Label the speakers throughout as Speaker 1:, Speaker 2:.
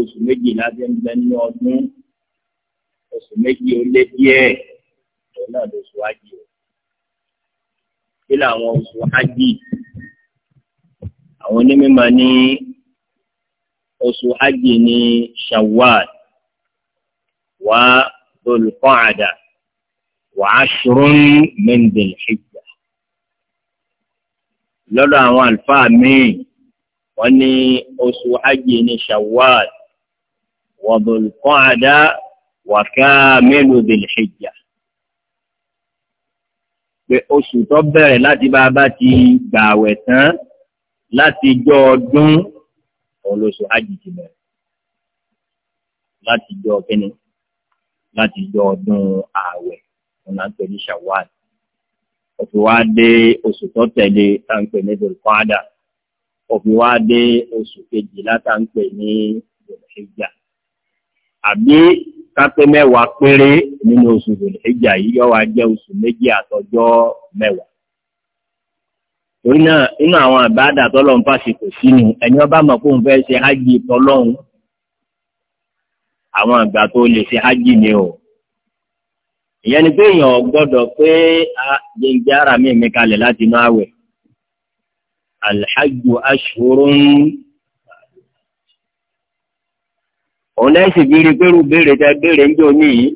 Speaker 1: oṣù méjìlá ti ń bẹ nínú ọdún oṣù méjì ó lé díẹ̀ òun náà lóṣù hajj o kí làwọn oṣù hajj àwọn onímọ̀ ní oṣù hajj ní shawwal wà olùkọ́àdà wà ashrun min dhil hijja lọ́dọ̀ àwọn àlùfáà míì wọ́n ní oṣù hajj ní shawwal. وذو القعدة وكامل ذي الحجة pé oṣù tó bẹ̀rẹ̀ láti bá a bá ti gbààwẹ̀ tán láti jọ ọdún olóṣù hajj ti bẹ̀rẹ̀ láti jọ wọn náà ń pè ní shawwal dé oṣù tó tẹ̀lé tá ní dulqaada òfin wa dé oṣù kejìlá tá ní dulhijja àbí kápẹ́ mẹ́wàá péré nínú oṣù ìjà yìí yọ́ wa jẹ́ oṣù méjì àtọjọ́ mẹ́wàá. torí náà inú àwọn àbáàdà tọ́lọ́run fàṣekò sínú ẹni ọba mọ̀ kó ń fẹ́ ṣe hajj tọ́lọ́run àwọn àgbà tó lè ṣe hajj ni o. ìyẹn ni pé èèyàn gbọ́dọ̀ pé jẹ́ǹjẹ́ ara mi mi kalẹ̀ láti inú àwẹ̀. alhajj ashurun. òun náà sì bírí pé irú béèrè tẹ béèrè ń jò níyì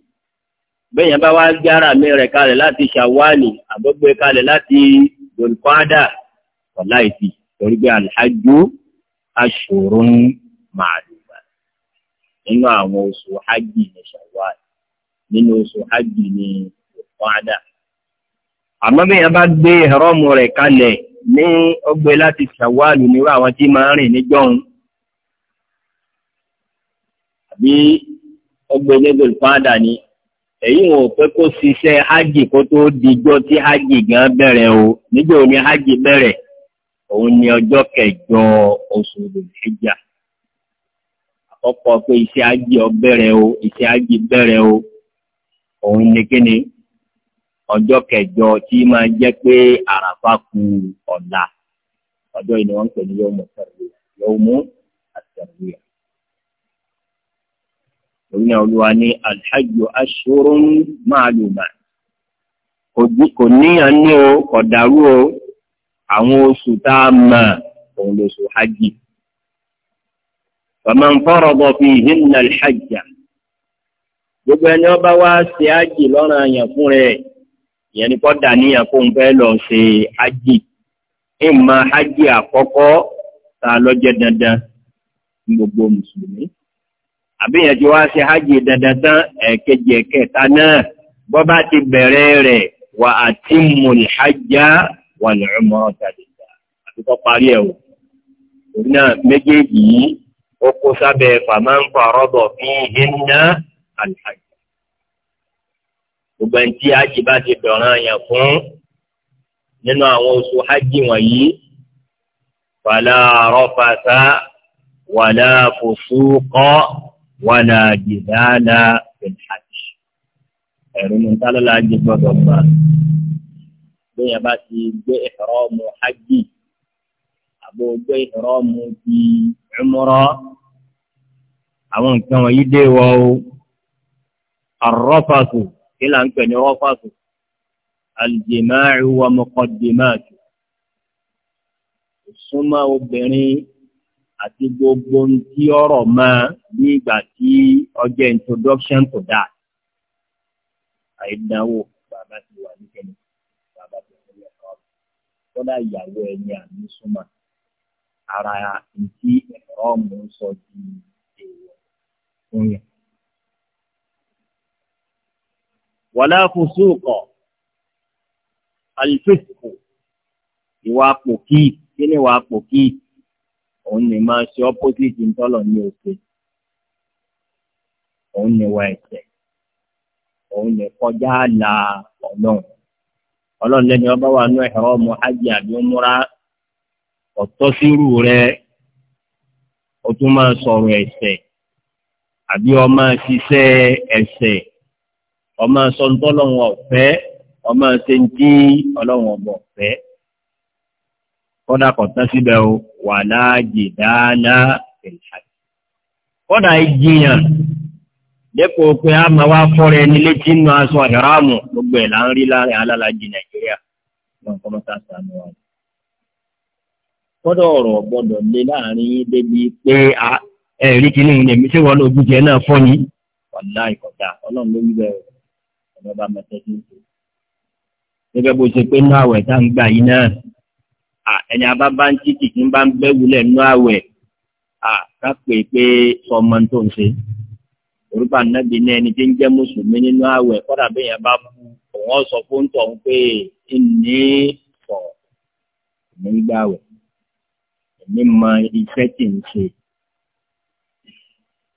Speaker 1: bẹ́ẹ̀yẹn bá wá gbé ara mi rẹ̀ kalẹ̀ láti ṣàwálì àgbẹ̀gbẹ̀ e kalẹ̀ láti dòlùkọ́ádà ọ̀la ìtì torí pé alhajju ashurun màlúwà nínú àwọn oṣù hajj ní ṣàwálì nínú oṣù hajj ní dòlùkọ́ádà àmọ́ bí bá gbé ẹ̀rọ́mù rẹ̀ kalẹ̀ ní ọgbẹ́ láti ṣàwálì nírú àwọn tí máa ń rìn níjọ́un àbí ọgbẹ́ lẹ́gbẹ̀ẹ́ olùpáàdà ni èyí wọn ò pẹ́ kó ṣiṣẹ́ hajj kó tó dijọ́ tí hajj gan bẹ̀rẹ̀ o níjọ́ ni hajj bẹ̀rẹ̀ òun ni ọjọ́ kẹjọ oṣù lòlẹ́jà àkọ́kọ́ pé iṣẹ́ hajj ó bẹ̀rẹ̀ o iṣẹ́ hajj bẹ̀rẹ̀ o òun ni kíni ọjọ́ kẹjọ tí máa jẹ́ pé àràfà kù ọ̀la ọjọ́ yìí ń pè ní yóò mú àtẹ̀rẹ̀wé yóò mú àtẹ̀rẹ̀wé oní olúwa ní alhajju ashurun ma'luma kò níyàn ní o kò dàrú o àwọn oṣù tá a mọ̀ òun lóṣù hajj faman farada fihinna alhajja gbogbo ẹni ọba wa ṣe hajj lọ́rùn àyàn fún rẹ̀ ìyẹn ni kò dà níyàn kó ń fẹ́ lọ ṣe hajj ìmọ̀ hajj àkọ́kọ́ tá lọ jẹ́ dandan ní gbogbo mùsùlùmí àbíyànjú wa ṣe hajj dandan tán ẹ̀ẹ̀kejì ẹ̀kẹta náà bọ́ bá ti bẹ̀rẹ̀ rẹ̀ wà á ti mú ìhajjá wà lọ́mọ tàdídà àti kọ́ parí ẹ̀ o. torí náà méjèèjì yìí ó kó sábẹ́ fàmáǹfà rọ́bọ̀ fi hinna àlùfáàjì. gbogbo ẹni tí hajj bá ti dọ̀ràn yàn fún nínú àwọn oṣù hajj wọ̀nyí fàlà rọ́fàṣà wàlà fòṣù kọ́ wàlá jìdáàlá fìlhàj ẹ̀rù ní tálọ́lá jẹ gbọ́dọ̀ gbà lóyìn bá ti gbé ìhrọ́mù hajj àbò gbé ìhrọ́mù ti umrah àwọn nǹkan wọ̀nyí dé wọ́ o arọ́fàṣù kí là ń pè ní rọ́fàṣù alìjìmáàrú wa mọ́kọ́dìmáàtù súnmọ́ obìnrin àti gbogbo tí ọ̀rọ̀ máa bí ìgbà tí ọjọ́ introduction to that àìdánwò bàbá ti wà ní kẹ́lẹ́ bàbá ti wà ní ẹ̀kọ́ kódà ìyàwó ẹni àmì súnmọ́ ara ìdí ẹ̀rọ mò ń sọ di èèwọ̀ fún yẹn. wàlá fùsùkọ̀ alifísìkò ìwà pòkì kí ni ìwà pòkì. òun ni máa ṣe opposite ntọ́lọ̀ ní òkè òun ni wà ẹ̀ṣẹ̀ òun ni kọjá àlà ọlọ́run ọlọ́run ọba wà nú ẹ̀rọ ọmọ hajj àbí múra ọ̀tọ́ sírù rẹ o tún máa sọ̀rọ̀ ẹ̀ṣẹ̀ àbí ọmọ ṣiṣẹ́ ẹ̀ṣẹ̀ ọmọ sọ̀ńtọ́lọ́run ọ̀fẹ́ ọmọ ṣe ń dí ọlọ́run ọ̀bọ̀ ọ̀fẹ́. kọ́dà kọ̀tán síbẹ̀ o wà láàjì dáadáa ìlàjì. kọ́dà ìjìyàn dẹ́kọ̀ pé a máa wá fọ́rẹ̀ ẹni létí nínú aṣọ àdáramù gbogbo ẹ̀ là ń rí láàrin alálàájì nàìjíríà wọn kọ́ mọ́ta sànù wa. kọ́dà ọ̀rọ̀ gbọ́dọ̀ lé láàrin yín débi ẹni abábá ń títì tí ń bá ń bẹ́wulẹ̀ nú àwẹ̀ ká pè pé sọmọ tó ń ṣe orúkọ ànábì ní ẹni tí ń jẹ́ mùsùlùmí nínú àwẹ̀ kọ́dà bí yẹn bá kú òun sọ fún tọ̀hún pé ìní sọ èmi ń gbà wẹ̀ èmi mọ iṣẹ́ tí ń ṣe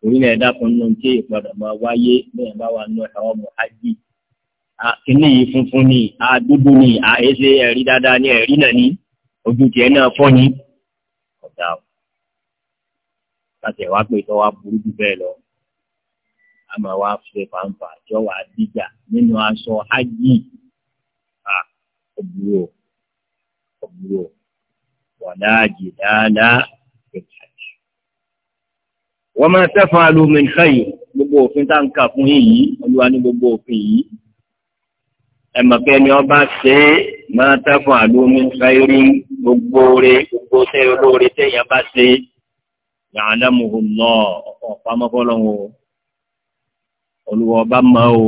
Speaker 1: orílẹ̀ ẹ̀dá kan nínú tí ìpadà máa wáyé bí yẹn bá wà nú ẹ̀rọ ọmọ ájì kíní yìí funfun ni àdúgbò ni àyè ṣe ẹ̀rí dáadáa ni ẹ̀rí náà ni ojú tiẹ̀ náà fọ́ ni ọ̀dà o láti ẹ̀ wá pé tó wá burú jù bẹ́ẹ̀ lọ a máa wá ṣe fàǹfà àjọ wà á dìjà nínú aṣọ hajj a ọ̀bùrò ọ̀bùrò wàlá jìdáàlá ìtàj. wọ́n máa tẹ́fọ̀n alómi nǹkan yìí gbogbo òfin tá à ń kà fún yìí olúwa ní gbogbo òfin yìí ẹ̀mọ̀kẹ́ ni ọba ṣe é máa tákùn àlómi káírí gbogbo oore gbogbo ṣe olóore téèyàn bá ṣe é ya'lamuhu Allah ọ̀pọ̀ pamọ́fọ́lọ́hún o olùwọ́ ọba mọ́ o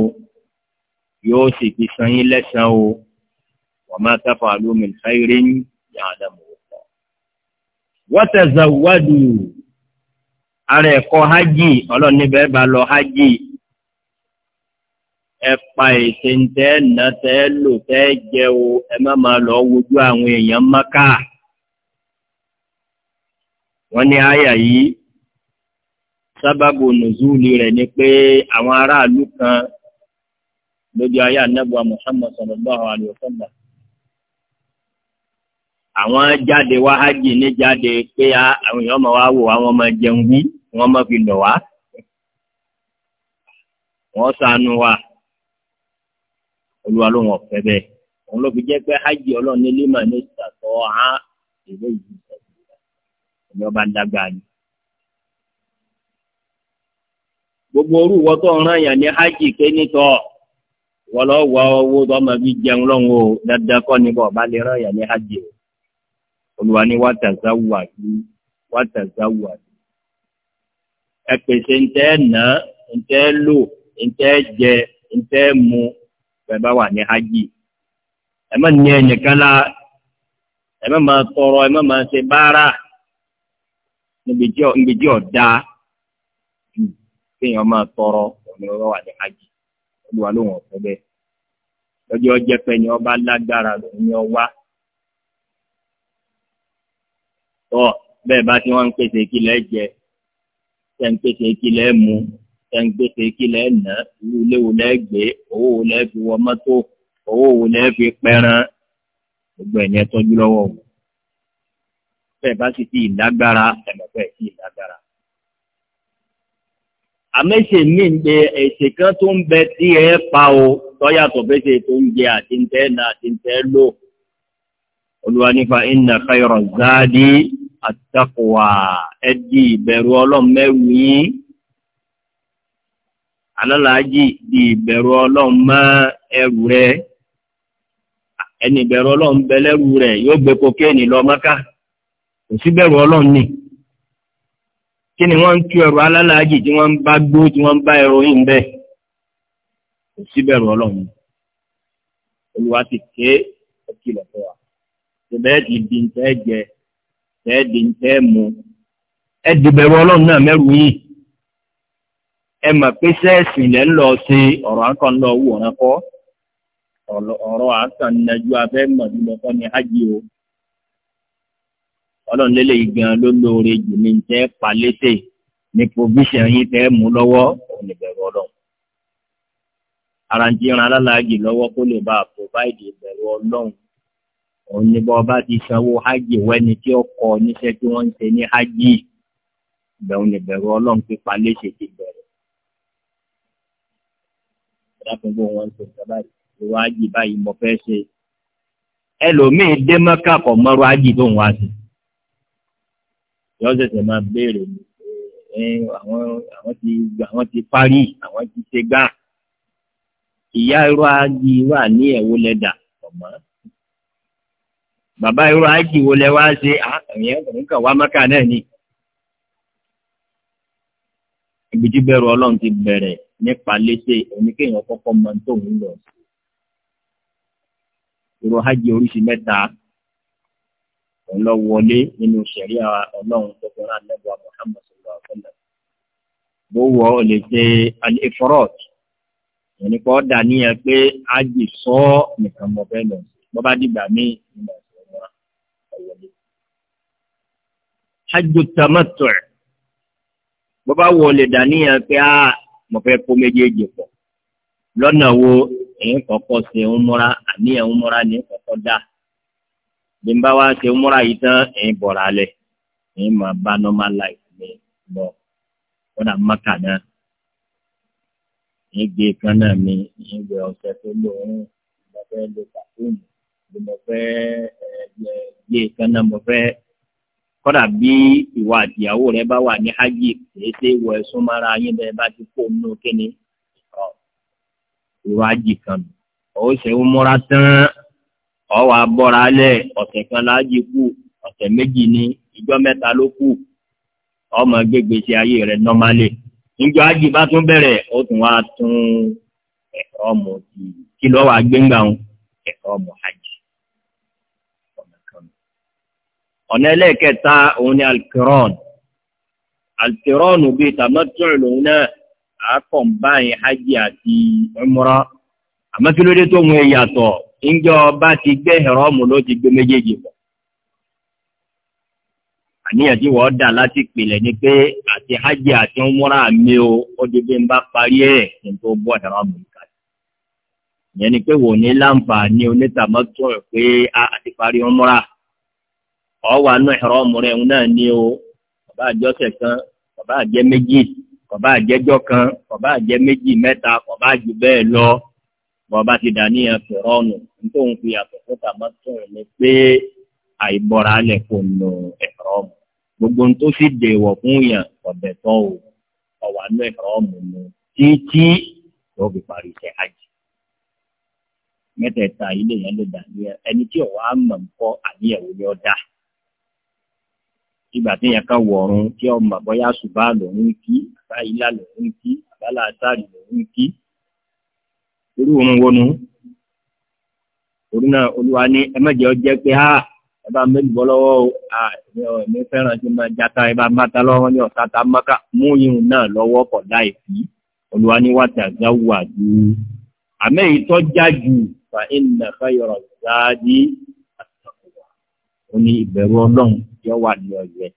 Speaker 1: yóò sì fi san yín lẹ́san o wa ma taf'alu min khairin ya'lamuhu Allah. wa tazawwadu ara ẹ̀kọ́ hajj ọlọ́ọ̀ni bẹ́ẹ̀ bá lọ hajj ẹ pa ètè ń tẹ́ ẹ̀nà tẹ́ lò tẹ́ ẹ o ẹ má lọ wojú àwọn èèyàn mọ́ká. wọ́n àyà yìí nùzúlì rẹ̀ ni pé àwọn aráàlú kan lójú ayé anábùa Muhammad sallallahu alaihi wasallam àwọn jáde wá hajj ní jáde pé àwọn èèyàn máa wá wò àwọn jẹun bí wọ́n máa fi lọ̀ olúwa ló wọn fẹ́ bẹ́ẹ̀ òun ló fi jẹ́ pé hajj ọlọ́run ní lima ní ìsàtọ̀ á èrè yìí ẹni ọba dágbà ni. gbogbo orú wọ́n tó ń rán yàn ní hajj ké nítọ̀ wọ́n lọ wọ owó tó ọmọ bíi jẹun lọ́hùn o dandan kọ́ ni bọ̀ bá lè rán yàn ní hajj o olùwà ni wàá tẹ̀sán wà sí wàá tẹ̀sán wà sí. ẹ pèsè ntẹ́ ná ntẹ́ lò ntẹ́ jẹ ntẹ́ mu bá wà ní hajj ẹ má ní ẹnìkan ma ẹ má máa tọrọ ẹ má máa ṣe báárà níbi tí ju kéèyàn máa tọrọ ọ̀nà wà ní hajj olúwa ló wọ̀n fẹ́ bẹ́ẹ̀ lọ́jọ́ ọjẹ́ ọba lágbára lòun ọ wá. tọ́ bẹ́ẹ̀ bá tí wọ́n ń pèsè jẹ tẹ́ ń tẹ̀ ń gbé kéèkì lẹ́ẹ̀nà irú ilé wo lẹ́ẹ̀ gbé owó wo lẹ́ẹ̀ fi wọ mọ́tò owó wo lẹ́ẹ̀ fi pẹ́ran gbogbo ẹ̀yẹn tọ́jú lọ́wọ́ wò bẹ́ẹ̀ bá sì ti ìlágbára ẹ̀mọ̀ bẹ́ẹ̀ sí ìlágbára. àmẹ́sẹ̀ mi ń gbé ẹ̀sẹ̀ kan tó ń bẹ tí ẹ pa o tọ́yàtọ̀ fẹ́sẹ̀ tó ń jẹ àti ń tẹ́ na àti ń tẹ́ lò olúwa nípa inna khayra zadi at ẹ̀dì ìbẹ̀rù ọlọ́mẹ́wìí alálàájì di ìbẹ̀rù ọlọ́run mọ́ ẹrù rẹ ẹni ìbẹ̀rù ọlọ́run bẹ lẹ́rù yóò gbé kokéènì lọ mọ́ká kò sí bẹ̀rù ọlọ́run ni kí ni wọ́n ń tú ẹrù alálàájì tí wọ́n ń bá gbó tí wọ́n ń bá ẹròyìn bẹ́ẹ̀ kò sí bẹ̀rù ọlọ́run olùwà ti ké ọkìlọ̀ fún wa ṣùgbọ́n ẹ̀ di ń tẹ́ jẹ ẹ̀ ń tẹ́ mu ẹ̀ bẹ̀rù ọlọ́run náà mẹ́rù yìí ẹ mọ̀ pé sẹ́ẹ̀sì lẹ́ ń lọ sí ọ̀rọ̀ àǹkan lọ wù ọ̀ràn kọ́ ọ̀rọ̀ àǹkan nàjú abẹ́ mọ̀jùlọ kọ́ ni hajj o ọlọ́run lélẹ̀ gan ló lóore jù ní tẹ́ palété ní provision yìí tẹ́ mú lọ́wọ́ òun lè bẹ̀rù ọlọ́run ara ń jíran alálàájì lọ́wọ́ kó lè bá provide ìbẹ̀rù ọlọ́run òun ní bọ́ bá ti sanwó hajj wẹ́ni tí ó kọ níṣẹ́ tí wọ́n ń ṣe ní hajj ìbẹ̀rù ọlọ́run pípa léṣe ti bẹ̀rù dákúngbò wọn ń sèǹtà báyìí ìwà ájì báyìí mo fẹ́ ṣe ẹlòmíì dé mọ́kà kọ̀ mọ́rọ́ ájì tó ń wá sí yọ ṣẹ̀ṣẹ̀ máa béèrè ni àwọn àwọn ti àwọn ti parí àwọn ti ṣe gbá ìyá irú ájì wà ní ẹ̀wọ́ lẹ́dà ọ̀mọ́ bàbá irú ájì wo lẹ wá ṣe àyẹ̀ ah, nǹkan wá mọ́kà náà ni ibi tí bẹ̀rù ọlọ́run ti bẹ̀rẹ̀ nípa léṣe ẹni kéèyàn kọ́kọ́ mọ tó ń lọ. Irú hajj oríṣi mẹ́ta ọlọ́wọlé nínú ṣẹ̀ríà ọlọ́run tó fẹ́ràn àlẹ́bùwà Muhammad sallallahu alaihi wasallam. Bó wọ ọ lè ṣe al-ifrad. Ìyẹn nípa ọ̀dà níyẹn pé hajj sọ nìkan mọ̀ fẹ́ lọ. Bọ́ bá dìgbà míì nínú ọ̀sẹ̀ wọn ọ̀wọ́lé. Hajj tamattu' bó bá wọ dà níyẹn pé áà ah, mo fẹ́ kó méjèèjì pọ̀ lọ́nà wo èyí kọ́kọ́ ṣe ń múra àníyàn ń múra ní kọ́kọ́ dá bí n bá wá ṣe ń múra yìí tán èyí bọ̀rọ̀ alẹ̀ èyí máa bá normal life mi lọ kódà mọ́kà náà èyí gbé kan náà mi èyí wẹ ọ̀sẹ̀ tó lóun mo fẹ́ lo kàfóònù mo fẹ́ gbé kan náà mo fẹ́ kọ́dà bí ìwà àtìyàwó rẹ bá wà ní hajj èyí tẹ́ wọ ẹ̀sùn mara yín bẹ́ẹ̀ bá ti kó nínú kíni ìwà hajj kan ó ṣe ń múra tán ọwọ́ abọ́ra lẹ̀ ọ̀sẹ̀ kan láàjì kù ọ̀sẹ̀ méjì ní ìjọ mẹ́ta ló kù ọmọ gbégbèsè ayé rẹ nọ́málì níjọ hajj bá tún bẹ̀rẹ̀ ó tún wá tún ẹ̀kọ́ ọmọ kí lọ́wọ́ agbẹ́ngbà ẹ̀kọ́ ọmọ hajj. ọ̀nà ẹlẹ́ẹ̀kẹta òun ni alkiron alkiron bíi tamattu' lòun náà àákàn báyìí hajj àti umra àmọ́ kí ló tó ń yàtọ̀ ńjọ bá ti gbé ìrọ́mù ló ti gbé méjèèjì bọ̀ àníyàn wọ́n dà láti ni pé àti hajj àti o ó di bí n bá parí ẹ̀ kí n tó bọ́ ni pé wò ní láǹfààní onítàmọ́tò pé a ti parí ọwà náà ẹ̀rọ ọmọ rẹ̀ ń náà ní o bàbá àjọsẹ̀ kan bàbá àjẹ méjì bàbá àjẹjọ kan bàbá àjẹ méjì mẹ́ta bàbá àjù bẹ́ẹ̀ lọ bàbá ti dà ní ẹ̀fẹ̀ rọ́ọ̀nù nítorí fi yàtọ̀ fún tàmátọ̀ ni pé àìbọ̀ra alẹ̀ kò nù ẹ̀rọ ọmọ gbogbo tó sì dèwọ̀ fún yàn ọ̀bẹ̀ tán o ọ̀wà náà ẹ̀rọ ọmọ ni títí tó fi parí iṣẹ́ àjì mẹ́tẹ̀ẹ̀ta ilé yẹn ló dà ní ẹni tí ọ̀wà mọ̀ ń kọ́ àníyẹ̀wò ni ọ ìgbà tí yẹn kan wọ̀ọ̀run kí ọmọ bọ́yá ṣùgbọ́n lòun kí bá ilá lòun kí àbálà àtàrí lòun kí irú òun wọnú torí náà olúwa ní ẹ má jẹ́ pé áà ẹ bá mẹ́lì bọ́ lọ́wọ́ o èmi fẹ́ràn tí mo jata ẹ bá má lọ́wọ́ ní ọ̀tá ta mọ́ká mú irun náà lọ́wọ́ pọ̀ láì sí olúwa ní wàtí àgbà wà ju àmẹ́yìí tó jù fa inna khayra ó ní ìbẹ̀rù ọlọ́run yóò wà ní ọ̀yẹ́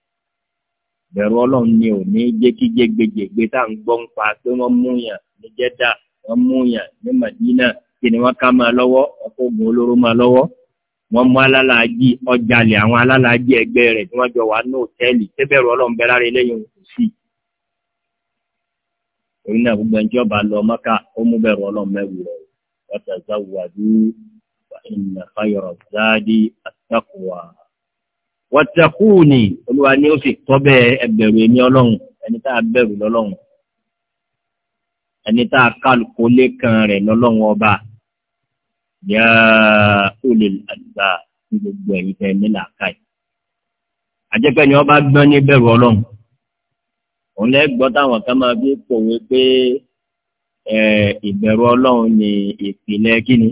Speaker 1: ìbẹ̀rù ọlọ́run ni ò ní jẹ́ kí jẹ́gbẹ́jẹ́gbẹ́ tá à ń gbọ́ ń pa pé wọ́n mú yàn ní jẹ́dà wọ́n mú yàn ní Madina kí ni wọ́n ká máa lọ́wọ́ ọkọ̀ ògùn olóró máa lọ́wọ́ wọ́n mú alálàájì ọjàlẹ̀ àwọn alálàájì ẹgbẹ́ rẹ̀ tí wọ́n jọ wà ní òtẹ́ẹ̀lì tẹ́bẹ̀rù ọlọ́run bẹ lára eléyìí kò sí. torí náà gbogbo ẹni tí ọba lọ mọ́kà ó mú bẹ̀rù ọlọ́run mẹ́wù rẹ̀ wọ́n tẹ̀síwájú wa inna khayra zadi at wọ́tẹ̀kùnì olúwa ni ó sì tọ́bẹ̀ ẹgbẹ̀rún ẹni ọlọ́run ẹni tá a bẹ̀rù lọ́lọ́run ẹni tá a kálukó lẹ́kàn rẹ̀ lọ́lọ́run ọba yá olè àgbà ní gbogbo ẹ̀yìn tẹ́ ní làákàyè. àjẹpẹ́ ni wọ́n bá gbọ́n ní bẹ̀rù ọlọ́run òun lẹ́ gbọ́ táwọn kan máa fi pòwe pé ìbẹ̀rù ọlọ́run ni ìpìlẹ̀ kíni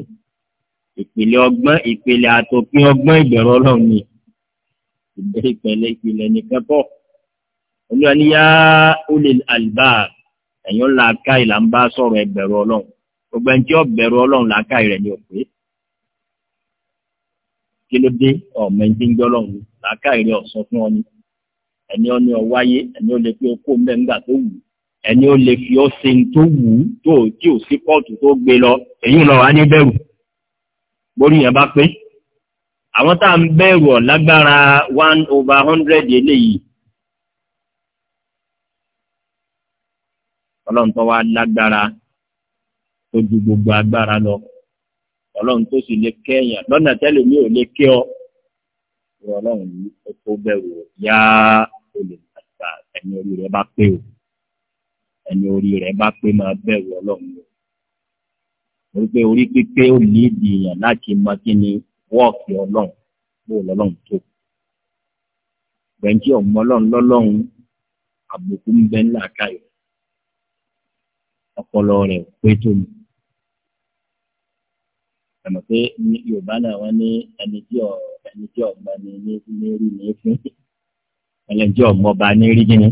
Speaker 1: ìpìlẹ̀ ọgbọ́n ìpìlẹ̀ àtòpin ọgbọ́n ìbẹ̀rù ọlọ́run ni ìgbẹ́ ìpẹ̀lẹ̀ ìpìlẹ̀ nìkan pọ̀ olúwa ni yá ulil albab ẹ̀yìn ńlá ká ìlà ń bá sọ̀rọ̀ ẹgbẹ̀rún ọlọ́run gbogbo ẹni tí ó bẹ̀rù ọlọ́run làákà rẹ̀ ni òpè kí ló dé ọmọ ẹni tí ń jọ ọlọ́run làákà rẹ̀ ọ̀sọ́ fún ọ ni ẹni ọ ní ọwáyé ẹni ó lè fi okó mẹ́ngbà tó wù ẹni ó lè fi ọ̀sẹ̀ tó wù tó tí ò sí kóòtù tó gbé lọ èyí lọ wá ní bẹ̀rù borí yẹn bá pé àwọn tá à ń bẹ̀rù lágbára one over hundred eléyìí. ọlọ́run tó wá lágbára tó ju gbogbo agbára lọ ọlọ́run tó sì lè kẹ́yàn lọ́nà tẹ́lẹ̀ mi ò lè kí ọ ìwọ ọlọ́run yìí ó tó bẹ̀rù yá olè àgbà ẹni orí rẹ bá pé o ẹni orí rẹ bá pé máa bẹ̀rù ọlọ́run o torí pé orí pípé ó ní ìdìyàn láti mọ kí ni wọ́ọ̀kì ọlọ́run bó lọ́lọ́run tó. Bẹ̀ǹtì ọ̀mọ ọlọ́run lọ́lọ́run àbùkù ń bẹ ńlá káyọ̀. Ọpọlọ rẹ̀ pé tó mi. Àmọ̀ pé Yorùbá náà wọ́n ní ẹni tí ọ̀ ẹni tí ọ̀gbà ní ní ní rí ní fún. Ẹni tí ọ̀gbà ọba ní rí kíni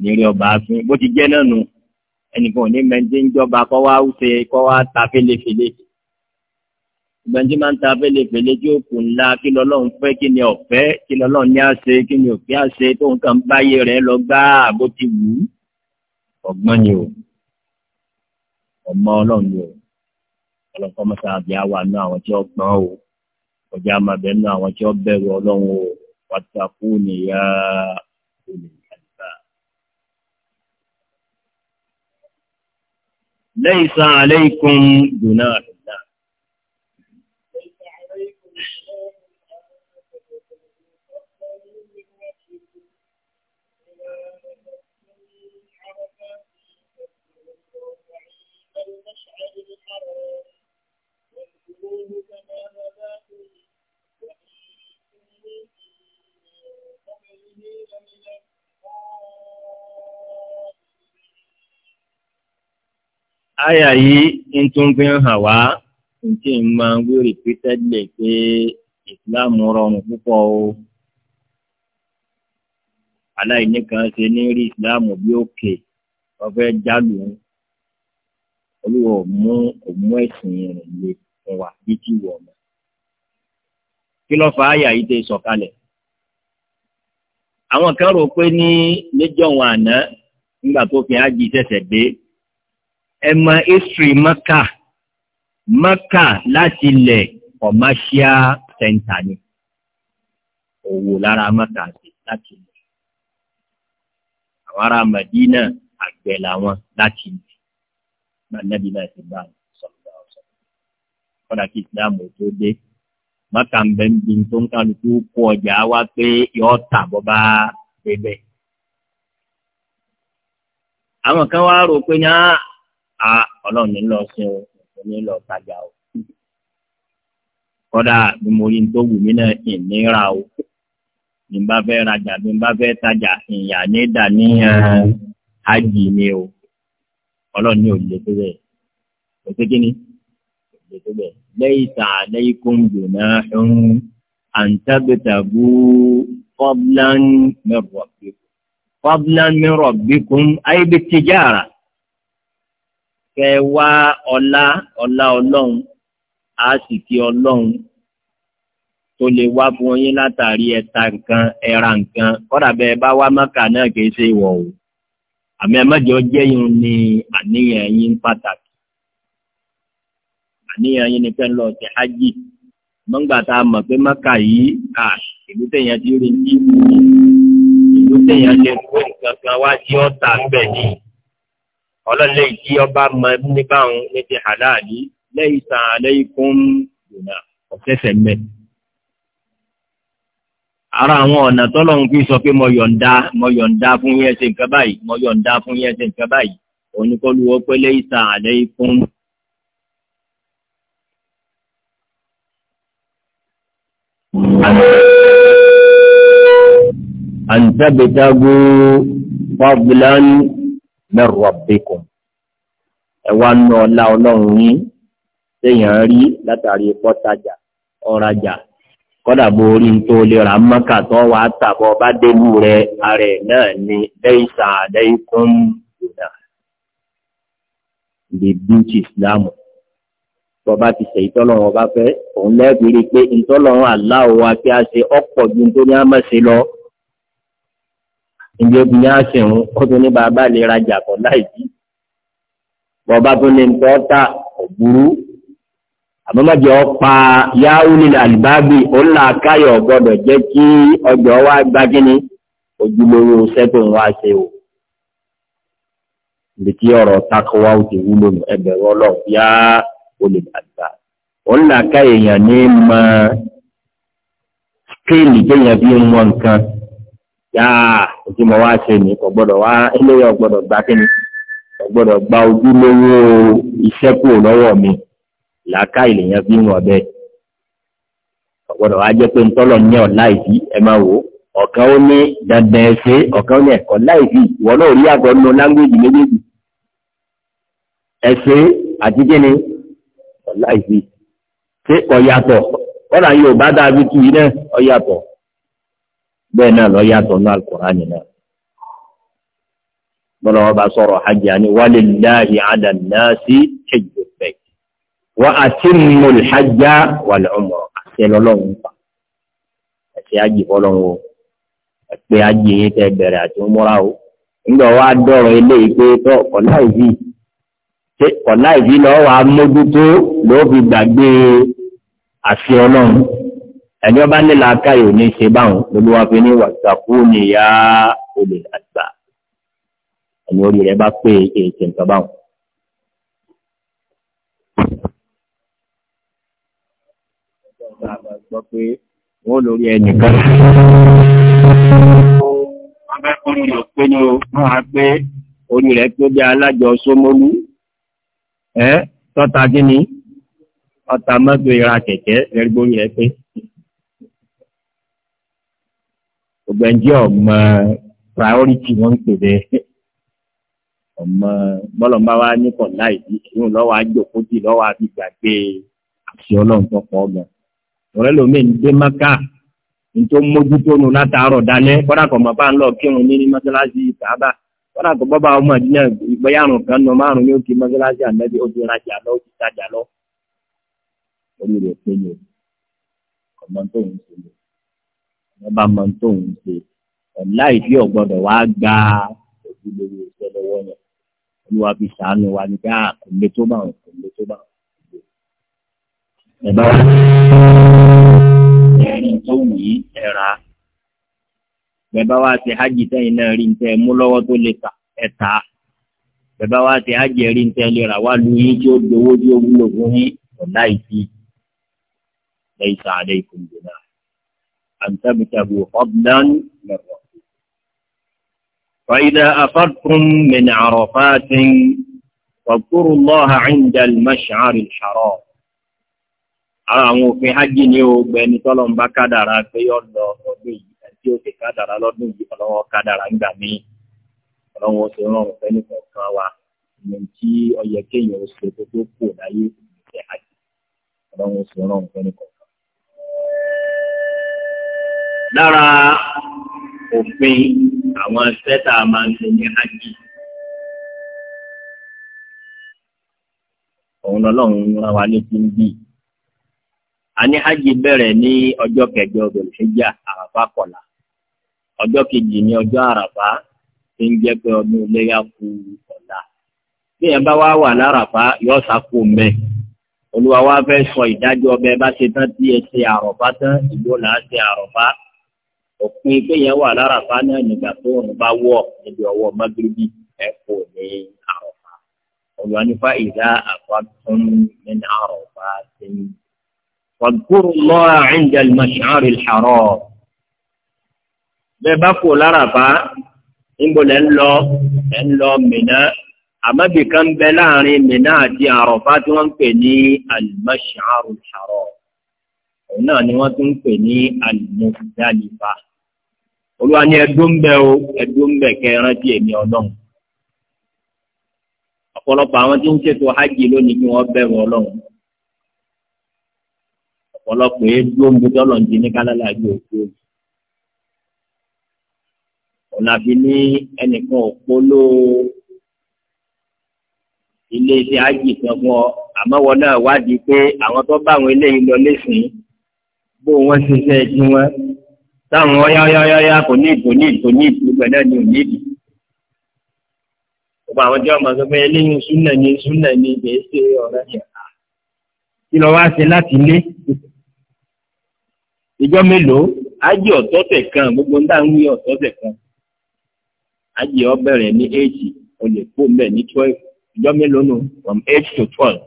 Speaker 1: ní rí ọba fún. Bó ti jẹ́ náà nù ẹnìkan ò ní mẹ́ńtí ń jọba kọ́ wá ń ṣe kọ́ wá ta félefèle gbẹ̀njí máa ń ta abẹ́lẹ̀pẹ̀lẹ̀ tí ó kù ńlá kí lọ́lọ́run fẹ́ kí ni ọ̀fẹ́ kí lọ́lọ́run ní àṣẹ kí ni òfin àṣẹ tó ń kàn báyé rẹ̀ lọ gbá bó ti wù ú ọgbọ́n ni o ọmọ ọlọ́run ni o ọlọ́kọ́ mọ́sá àbí àwa nú àwọn tí ó gbọ́n o ọjà màbẹ́ nú àwọn tí ó bẹ̀rù ọlọ́run o wàtàkù nìyá olùyàlùbá. lẹ́yìn sàn àlẹ́ ikùn dùn Àyà yìí ń tún fi hàn wá nke tí ń máa wí pé Islam rọrùn púpọ̀ o. Aláìní kan ṣe ní rí Islam bí òkè wọ́n fẹ́ jálù ń. Olúwa ò mú ẹ̀sìn rẹ̀ le. fún wa bí tí kí ló fa àyà yìí tẹ sọ̀kalẹ̀? àwọn kan rò pé ní níjọ́ wọn àná nígbà tó fi ájì dé maka maka láti ilẹ̀ commercial center ni òwò lára maka láti àwọn Madina àgbẹ̀ làwọn láti ti bá wọn. kọ́dà kí ìsìlámù tó dé mọ́tà ń bẹ́ ń tó ń kálukú kó ọjà wá pé yọ tà bọ́ bá àwọn kan wá rò pé ní a ọlọ́run ní lọ sí o kò ní lọ tajà o kọ́dà bí mo rí ní tó wù mí náà kì í níra o bí n bá fẹ́ rajà bí n bá fẹ́ tajà ìyá ní dání ájì eh, ni o ọlọ́run ní òjò tó bẹ̀ kò kí ni gbẹgbẹ laysa alaykum junahun an tabtagu fadlan min rabbikum fadlan min rabbikum ay bittijara kẹ wá ọlá ọlá ọlọ́run á sì kí ọlọ́run tó lè wá fún yín látàrí ẹta nǹkan ẹra nǹkan kọ́dà bẹ́ẹ̀ bá wá mọ́kà náà kì í ṣe ìwọ̀ o àmì ẹ̀mọ́jọ jẹ́yìn ni àníyàn yín pàtàkì àníyàn yín ni pé ń lọ sí hajj mọ́ngbà tá a mọ̀ pé mọ́kà yìí à ìlú téèyàn ti rí ní ìlú téèyàn lè kó nǹkan kan wá sí ọ̀tà bẹ̀ ni ọlọ́lẹ̀ tí ọba mọ ní báwọn ní ti halali lẹ́yìn sàn lẹ́yìn fún ìrìnà ọ̀sẹ̀sẹ̀ mẹ́. ara àwọn ọ̀nà tọ́lọ́run fi sọ pé mo yọ̀ǹda mo yọ̀ǹda fún yẹn ṣe nǹkan báyìí mo yọ̀ǹda fún yẹn ṣe nǹkan báyìí òun ni kọ́ lu wọ́pẹ́ lẹ́yìn sàn lẹ́yìn fún ìrìnà an tabtagu fadlan min rabbikum ẹ wá ná ọlá ọlọ́run yín téèyàn rí látàrí pọ́tajà ọ̀rajà kọ́dà bó orí tó lè ra mọ́kà tó wàá tàbọ̀ bá débù rẹ̀ ara náà ni lẹ́yìn sàn àdẹ́yìn the beauty Islam tọba ti ṣe ìtọ́lọ́run ọba fẹ́ òun lẹ́gbẹ̀rẹ́ pé ìtọ́lọ́run aláwọ̀ wa kí a ṣe ọ̀pọ̀ ju tó ní àmọ́ ṣe lọ. ìjọ bí yá ṣẹ̀hún ó tún ní bàbá lè rajà kan láì jí. bọ́ba tó ní nǹkan ọ̀tá òbúrú. àbámọ́jọ́ pa yahoo ní alibabi òun là káyọ̀ gbọ́dọ̀ jẹ́ kí ọjọ́ wa gbá kínní ojúlówó sẹ́tò ń ṣe o ibi tí ọ̀rọ̀ takowa ti wúlò ẹgbẹ̀rún ọlọ́ọ̀ yá olè àgbà òun là ká èèyàn ní mọ skéèlì téèyàn fi ń wọn nǹkan yáa ojú mọ wá ṣe ní kò wá eléyà ò gbá kíni kò gbọ́dọ̀ gba ojúlówó iṣẹ́ kúrò lọ́wọ́ mi làákà èèyàn fi ń wọn bẹ́ẹ̀ kò gbọ́dọ̀ wá jẹ́ pé ntọ́lọ̀ ní ọ̀la ìdí ẹ máa wò ọ̀kan ó ní dandan ẹsẹ̀ ọ̀kan ó ní ẹ̀kọ́ láìsí ìwọ náà rí àgọ́ nínú láńgbèjì méjèèjì ẹsẹ̀ àti kíni láìsí ṣé ọ̀yàtọ̀ wọ́n yóò bá dàbí tu yìí ọ̀yàtọ̀ bẹ́ẹ̀ náà lọ́yàtọ̀ náà al náà bọ́lá wọn bá sọ̀rọ̀ hajj àní walillahi ala nnasi hajjul bayt wa atimmul hajja wal umra àti ẹlọ́lọ́run pa àti àjì fọlọ́run o àti àjì yìí tẹ bẹ̀rẹ̀ àti o wa dọ̀rọ̀ pé ọ̀la ìdí lọ́wọ́ wa mójútó ló fi gbàgbé àṣẹ ọlọ́run ẹni ọba nílà akáyò ní ṣe báwọn lolúwa fi ní wàtàkù nìyá olè àgbà ẹni orí rẹ bá pé èèkè nǹkan báwọn. gbọ́ pé wọ́n lórí ẹnìkan. wọ́n fẹ́ kó lórí òpin ní o máa gbé orí rẹ̀ tó jẹ́ alájọ sómólú ẹ́ tọ́ta kí ni ọta mọ́tò ìra kẹ̀kẹ́ lẹ́gbórí rẹ̀ pé gbogbo ẹnjẹ́ ọmọ priority wọ́n ń pè bẹ́ẹ̀ ọmọ bọ́lọ̀mbá wa ní kọ̀ láìsí ìhun lọ́wọ́ àjòkótì lọ́wọ́ àti gbàgbé àṣẹ ọlọ́run tó pọ̀ gan ọ̀rẹ́ lomi ń dé mọ́ká ní tó mójútó nu látàárọ̀ dalẹ́ kọ́dà kọ̀ mọ́ bá ń lọ kírun ní ní mọ́tálásí ìtàbà kọ́nà tó bọ́bá ọmọ ìdílé ìgbéyà àrùn kan nù márùn ní òkè mọ́sálásí ànábì ó ti rajà lọ ó ti tajà lọ. orí rẹ̀ pé yẹ ọmọ tó ń ṣe lè ọba ọmọ tó ń ṣe ọ̀la ìdí ọ̀gbọ́dọ̀ wá gba ojúlówó iṣẹ́ lọ́wọ́ yẹn olúwa fi sàánú wa ní ká ah, kò lè tó bá wọn kò lè tó bá wọn. ẹ bá wà ní ẹ̀rín tó wù í ẹ̀ra bẹ̀bá wa ti hajj tẹ́yìn náà rí ntẹ́ mú lọ́wọ́ tó lè ta ẹ̀ta bẹ̀bá wa ti hajj rí ntẹ́ lè rà wá lu yín tí ó gbowó tí ó wúlò fún yín ọ̀la ìsí lẹ́yìn sàádé ìkùnjẹ náà àǹtẹ̀bùtẹ̀bù ọ̀bùdán lọ́wọ́. فإذا أفضتم من عرفات فاذكروا الله عند المشعر الحرام ara àwọn òfin hajj ni ó gbẹni tọ́lọ́mbá kádàrá tí ó ti kádàrá lọ́dún yìí ọlọ́wọ́ kádàrá ń gbà mí ọlọ́wọ́ ti rọrùn fẹ́ni kọ̀ọ̀kan wa ìyẹn tí ó yẹ kéèyàn ó ṣe tó tó kù láyé ìgbésẹ̀ àjò ọlọ́wọ́ ti rọrùn fẹ́ni kọ̀ọ̀kan. lára òfin àwọn sẹ́tà máa ń ṣe ní ájì òun lọ́lọ́run rán wa létí ń bì a bẹ̀rẹ̀ ní ọjọ́ kẹjọ bẹ̀rẹ̀ ṣẹ́jà àràfà kọ̀là ọjọ́ kejì ní ọjọ́ àràfá tí ń jẹ́ pé ọdún iléyà kù ọ̀la bí yẹn bá wá wà láràfá yọ sàkó mbẹ olúwa wa fẹ́ sọ ìdájọ́ ọbẹ̀ bá ṣe tán tí ẹ ṣe àrọ̀fá tán ìgbó là á ṣe àrọ̀fá òpin pé yẹn wà láràfá náà nígbà tó òun bá wọ̀ níbi ọwọ́ mọ́gíríbì ẹ̀ kò ní àrọ̀fá olúwa nípa ìdá àfọ́tún nínú àrọ̀fá sí i. واذكروا الله عند المشعر الحرام bẹ́ẹ̀ bá kò láràbá níbo lẹ́ ń lọ lẹ́ ń lọ Mínà àmọ́bì kan bẹ láàrin Mínà àti Àrọ̀fá tí wọ́n ń pè ní al-Mash'arul Haram òun náà ni wọ́n tún ń pè ní al olúwa ní ẹdún o ẹdún bẹ kẹ èmi Ọlọ́run ọ̀pọ̀lọpọ̀ àwọn tí ń ṣètò hajj lónìí kí wọ́n bẹ̀rù Ọlọ́run ọ̀pọ̀lọpọ̀ ẹdún tọ́lọ̀ ń di ní kálálà ju òkú ọ̀nà àfi ní ẹnìkan òpólò ilé iṣẹ́ ájì kan fún ọ àmọ́ wọn náà wádìí pé àwọn tó bá àwọn eléyìí lọ lẹ́sìn bó wọ́n ṣiṣẹ́ tí wọ́n táwọn ọ̀yáyáyá kò ní ìtò ní ìtò ní ìtò gbẹ̀ náà ni ò ní ìdí. gbogbo àwọn jẹ́ ọmọ sọ pé eléyìí súnà ni súnà ni kì í ṣe ọ̀rẹ́ yẹn kí lọ wá ṣe láti lé ìjọ mélòó ájì ọ̀tọ̀ọ̀tẹ̀ kan gbogbo ń dá ń wí ọ̀tọ̀ọ̀tẹ̀ kan ajé ọ bẹ̀rẹ̀ ní eight o lè kó mbẹ̀ ní twelve ìjọ mélòó nù from eight to twelve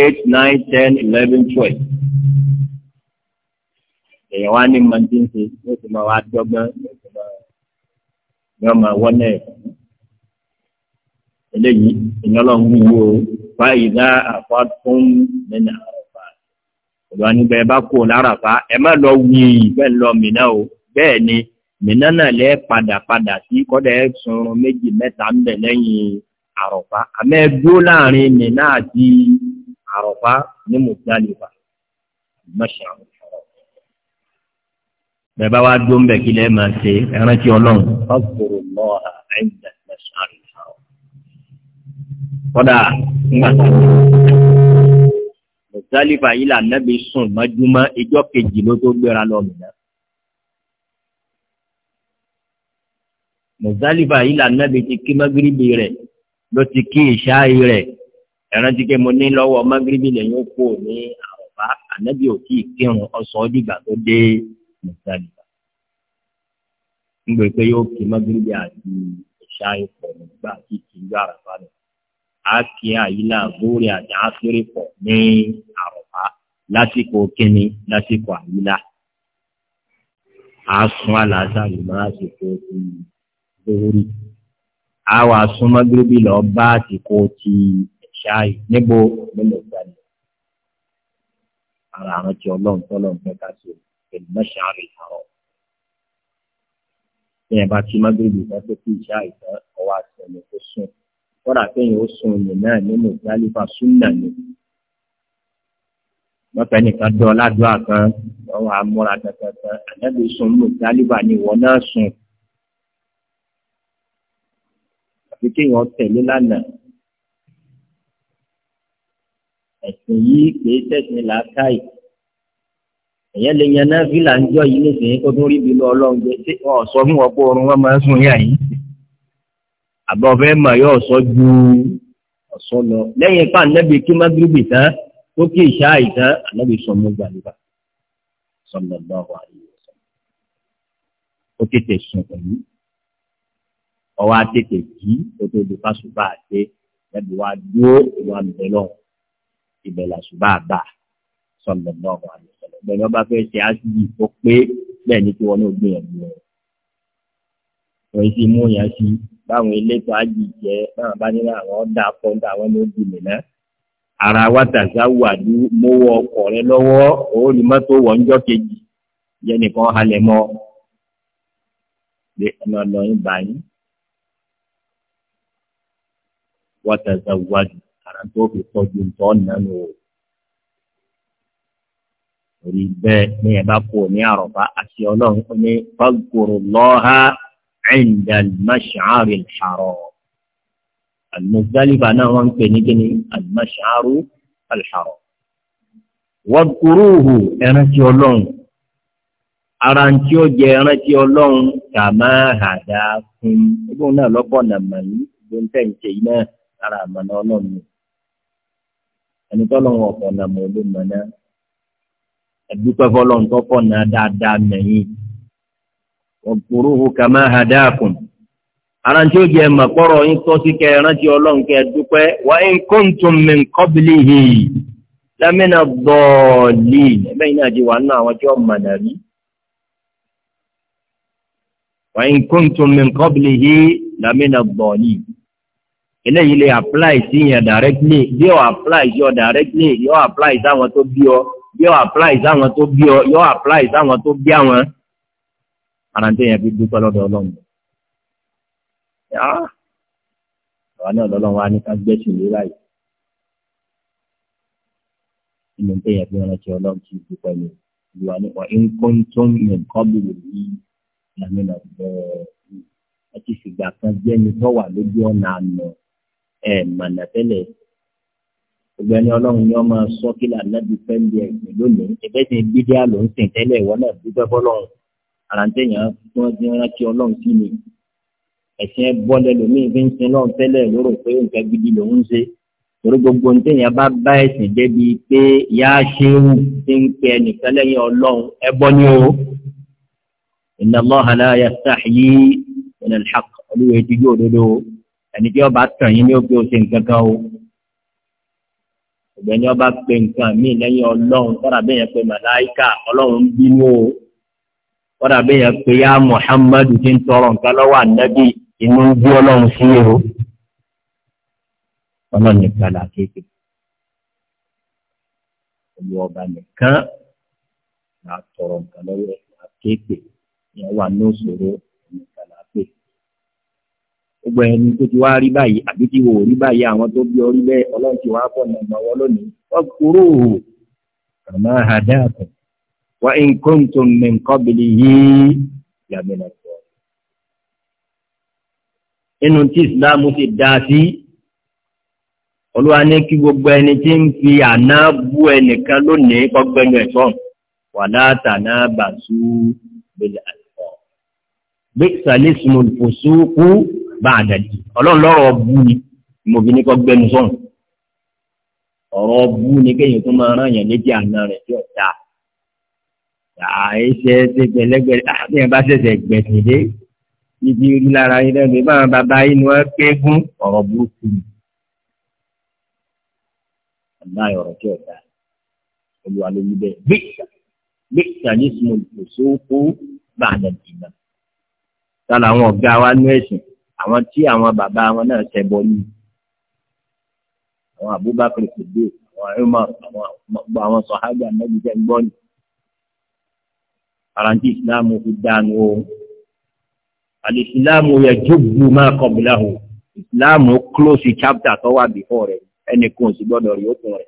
Speaker 1: eight nine ten eleven twelve èèyàn wá ní mọ̀tíǹsì ló ti máa wá dọ́gbọ́n ló máa wọ́nẹ̀ eléyìí ìyọ́lọ́run wúwo báyìí dá àpá fún nínú àràfà ìlú wa níbẹ̀ bá kó lárafa ẹ má lọ wí bẹ́ẹ̀ lọ mìíràn o bẹ́ẹ̀ ni mìíràn náà lẹ́ padà padà sí kọ́dà ẹ̀ sun méjì mẹ́ta ń bẹ̀ lẹ́yìn àrọ̀fá àmẹ́ dúró láàrin mìíràn àti àrọ̀fá ní mùsùlùmí mọ́ṣẹ́ àwọn bẹ̀bá wa dó ń bẹ̀ kí lẹ́ máa ṣe ẹrántí ọlọ́run ọ̀gbọ̀rọ̀ lọ́ọ̀ha ẹ̀ǹdà mẹ́sàn-án ìṣàrọ̀. kọ́dà nígbà tó mùsálífà yìí là nẹ́bi sùn mọ́júmọ́ ìjọ kejì ló tó gbéra lọ mìíràn. mùsálífà yìí là nàbì ti kí magiribi rẹ̀ ló ti kí ìṣááyì rẹ̀ ẹ̀rọ ti ké mo ní lọ́wọ́ magiribi lẹ́yìn kó ní àrọ̀bá ànábì ò tíì kírun dìgbà tó dé mùsálífà. ń gbé pé yóò kí magiribi àti ìṣááyì pọ̀ nígbà tí rẹ̀ á kí àyílà àti pọ̀ ní lásìkò kínní lásìkò àyílà. orí àwa súnmọ́gírúbì lọ bá àsìkò ti ṣáàyè níbo nílò ìgbàlẹ̀ ara àwọn tí ọlọ́run tọ́lọ́run fẹ́ ká ṣe pẹ̀lú mẹ́sàn-án rẹ̀ àrọ̀ ní ẹ̀bá tí mọ́gírìbì kan tó kí ìṣá ìtàn ọwọ́ àtẹ̀lẹ̀ tó sùn kọ́dà kéèyàn ó sùn òyìn náà nínú ìdálífà súnà ni. mọ́tò ẹnìkan dán ládùúgbò kan lọ́wọ́ amúra kankan kan ànábì sùn nínú ìdálífà ni ìwọ náà sùn àti kéèyàn tẹ̀lé lánàá. ẹ̀sìn yìí kìí tẹ̀sìn làákàyè èyàn lè yan náà fílà ń jọ yìí nísìnyí kó tún rí ibi lọ ọlọ́run gbé ṣé wọn sọ fún wọn pé oorun wọn máa ń sùn yà yìí àbọ̀ fẹ́ mọ̀ yóò sọ ju ọ̀sán lọ lẹ́yìn ipá kí mágírìbì tán tó kí ìṣá ìtàn ànábì sọmú gbàlúgbà sọmọ náà wà ní ìwòsàn ó tètè sùn pẹ̀lú ọwọ́ àtètè kí kótó di fásùbà àti ẹbí wa dúró ìwà mìíràn ibẹ̀ làṣùbà bá sọ̀lọ̀ náà wà lọ́sọ̀lọ̀ bẹ́ẹ̀ ni wọ́n bá fẹ́ ṣe àṣìbí tó pé bẹ́ẹ̀ ni kí wọ́n náà gbìyànjú rẹ̀ wọ́n ti mú yàn sí báwọn elétò àjìjẹ náà bá nínú àwọn ọ̀dà kọ́ńtà àwọn ní ojú mi náà ara wa tàṣà wà ní mọ́wọ́ ọkọ̀ rẹ lọ́wọ́ òun ni mọ́tò wọ́n jọ́ kejì yẹnìkan halẹ̀ mọ́ ẹ lọ́ọ́ lọ́ọ́ yín báyìí watazawwadu ara tó fi tọ́jú ntọ́ nànú o. Orí bẹ́ẹ̀ ní ẹ bá kú ní àrọ̀bá àti ọlọ́run ní fadhkurullaha inda al-mash'ari al-haram. Al-Muzdalifa náà wọ́n ń pè ní kíni al-mash'aru al-haram. Wadhkuruhu ẹran ọlọ́run ara ń tí ó jẹ ẹran tí ọlọ́run kama hadakum. Ibùn náà lọ́pọ̀ nàmà ló ń tẹ̀ ń ṣe yìí náà ara àmàna ọlọ́run ni ẹni tọ́lọ́run ọ̀pọ̀ ọ̀nà mọ̀ ló mọ̀ náà ẹ̀dúpẹ́ fọlọ́run tọ́pọ̀ náà dáadáa mẹ́yìn ọ̀pọ̀rọ̀hù kàmá hadakum aráńtí ó jẹ màkọ́rọ̀ yín tọ́ sí kẹ rántí ọlọ́run kẹ dúpẹ́ wa in kuntum min qablihi lámínà bọ́ọ̀lì ẹ̀bẹ́yìn náà ti wà nínú àwọn tí ó mọ̀nà rí wa in kuntum min qablihi lámínà bọ́ọ̀lì eléyìí lè apply sí yẹn directly bí ó apply sí ọ directly yóò apply sáwọn tó bí ọ bí ó apply sáwọn tó bí ọ yóò apply sáwọn tó bí àwọn àrántí yẹn fi dúpẹ́ lọ́dọ̀ ọlọ́run ah! àwa náà lọ́lọ́run wa ní ká gbẹ́sìn lé báyìí inú téèyàn fi rántí ọlọ́run tí dúpẹ́ lé ìwà nípa ńkọ́ńtọ́n nìkọ́bù yìí làmínà bẹ́ẹ̀ ẹ ti fìgbà kan jẹ́ni tó wà lójú ọ̀nà àná ẹ̀ mànà tẹ́lẹ̀ gbogbo ẹni ọlọ́run ni wọ́n máa sọ kí lànàbí fẹ́ lé ẹ̀sìn lónìí ẹgbẹ́ ti bídíà ló ń sìn tẹ́lẹ̀ ìwọ náà dúpẹ́ fọlọ́run àràǹtẹ̀yàn tí wọ́n ti rántí ọlọ́run sí ni ẹ̀sìn ẹ bọ́lẹ̀ lómìn fi ń sin lọ́run tẹ́lẹ̀ lóró pé nǹkan gidi lòun ń ṣe torí gbogbo ntẹ̀yìn bá bá ẹ̀sìn débi pé yá ṣéwù ti ń pẹ nìkan lẹ́yìn ọlọ́run ẹ bọ́ ní o inna Allaha la yastahyi min al-haqq olúwe ti yóò ẹni tí ọba tàn yín ní ó gbé o ṣe nǹkan kan o ọ̀gbẹ́ni ọba pe nǹkan míì lẹ́yìn ọlọ́run tọ́ra bẹ́ẹ̀ yẹn pe màláìka ọlọ́run ń bínú o tọ́ra bẹ́ẹ̀ yẹn pe ya muhammadu ti ń tọrọ nǹkan lọ́wọ́ ànábì inú ń bí ọlọ́run sí o ọlọ́run nìkan là kéèké olú ọba nìkan là tọrọ nǹkan lọ́wọ́ àkéèké ìyẹn wà ní òṣòro gbogbo ẹni tó ti wá rí báyìí àbí tí wò ó rí báyìí àwọn tó bí orí bẹ́ẹ̀ ọlọ́run ti wá pọ̀ ní ìgbàwọ́ lónìí wọ́n kúrò àmọ́ àdáàkùn wọ́n ń kóńtò nǹkan bìlì yìí yàgbẹ́nà sọ. nínú tí ìsìláàmù ti dá sí olúwa ní kí gbogbo ẹni tí ń fi àná bú ẹnìkan lónìí kọ́gbẹ́nu ẹ̀sọ́ wàlá tàná bàṣú bẹ́ẹ̀ àlùfọ́. bí sàlẹ̀ sùnmù bá a dàdí ọlọ́run lọ́rọ̀ bú ni mo fi ní kọ́ gbẹnu sọ̀rọ̀ ọ̀rọ̀ bú ni kéèyàn tó máa rán yàn létí àná rẹ̀ tí ọ̀tá àìṣe ṣe gbẹlẹgbẹlẹ àti ẹ̀ bá ṣẹ̀ṣẹ̀ gbẹ̀sìn dé ibi rí lára yín lẹ́nu ìbá àwọn bàbá yín ni wọ́n pé fún ọ̀rọ̀ burúkú ni ọ̀dà ọ̀rọ̀ tí ọ̀dà olúwa ló wí bẹ́ẹ̀ gbé gbé ìtàgé sinmi kò sóko bá àdàdì náà tá làwọn ọ̀gá wa ní ẹ̀sìn àwọn tí àwọn bàbá wọn náà ṣẹbọ ní àwọn Abubakar kùdé àwọn Umar àwọn àwọn sọhábì anábì jẹ gbọ ní àrántí ìsìlámù fi dànù o àlìsìlámù yẹ jùbù máa kọbìláhù ìsìlámù close chapter tó wà before rẹ ẹnì kan sì gbọ́dọ̀ rí òkun rẹ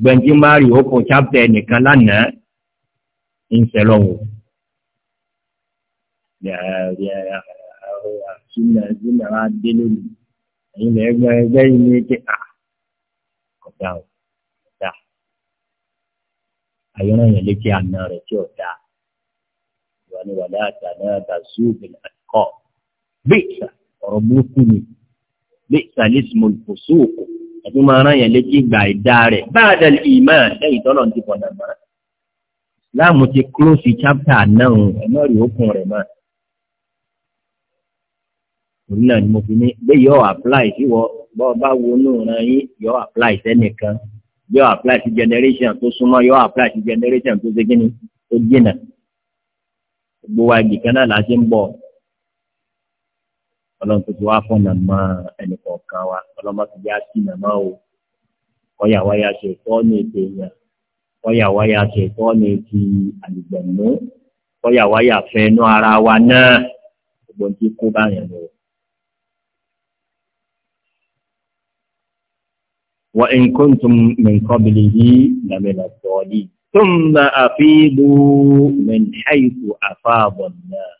Speaker 1: gbẹ̀ǹdì máa rí òkun chapter nìkan lánàá ń sẹlọ wò. Yeah, yeah, ọ̀rọ̀ àtúnà ìdúnà wa dé lónìí ẹ̀yin lè gbọ́ ẹgbẹ́ yìí ní pé à ọ̀dà ò ọ̀dà àyọ̀rọ̀ yẹn lékè àná rẹ̀ tí ọ̀dà ìwà ni wàlá àtàná àtàzú ìbìlẹ̀ àkọ́ bíìsà ọ̀rọ̀ burúkú ni bíìsà lẹ́sìmọ̀lù kò sóòkò ẹ̀tún máa rán yẹn létí ìgbà ìdá rẹ̀ báàdà ìmáà lẹ́yìn tọ́lọ̀ ti pọ̀ nàmọ́. láàmú ti kúrò sí chápítà náà ẹ̀ náà rí òkun rẹ̀ máa òun náà ni mo fi ní bẹ́ yọ apply sí wọ bọ́ ọ bá wo inú ran yín yọ apply sẹ́nìkan yọ apply sí generation tó súnmọ́ yọ apply sí generation tó ṣe kíni tó jìnà gbogbo wa igi kan náà là á ṣe ń bọ̀ ọlọ́run tó ti wá fún nàmá ẹnì kọ̀ọ̀kan wa ọlọ́mọ ti yá sí nàmá o kọ́yà wáyà ṣe tọ́ ní ètè yẹn kọ́yà wáyà ṣe tọ́ ní ti àlùgbẹ̀mú kọ́yà wáyà fẹ́ inú ara wa náà gbogbo ti kó báyẹn lọ. وإن كنتم من قبله لمن الضالين ثم أفيضوا من حيث أفاض الناس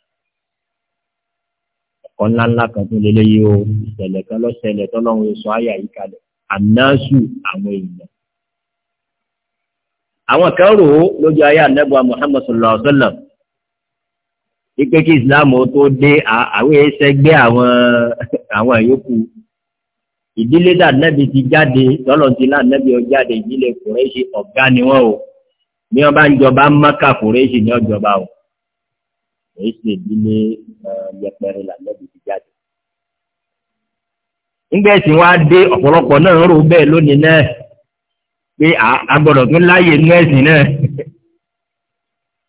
Speaker 1: ọ̀kan ńláńlá kan tó lélẹ́ yìí o ìṣẹ̀lẹ̀ kan lọ́sẹ̀lẹ̀ tọ́lọ́run sọ àyà yìí kalẹ̀ ànáṣù àwọn èèyàn. àwọn kan rò ó lójú ayé anábọ̀ Muhammad sallallahu alaihi wa sallam wípé kí Islam tó dé àwọn ẹ̀ṣẹ̀ gbé àwọn ìyókù ìdílé dà nẹ́bi ti jáde lọ́lọ́ ti lá nẹ́bi ó jáde ìdílé kùrẹ́ṣì ọ̀gá ni wọ́n o bí wọ́n bá ń jọba mọ́kà kùrẹ́ṣì ni wọ́n jọba o èyí sì ìdílé yẹpẹrẹ là nẹ́bi ti jáde. nígbà tí wọ́n á dé ọ̀pọ̀lọpọ̀ náà ń rò bẹ́ẹ̀ lónìí náà pé agbọ́dọ̀ tún láàyè inú ẹ̀sìn náà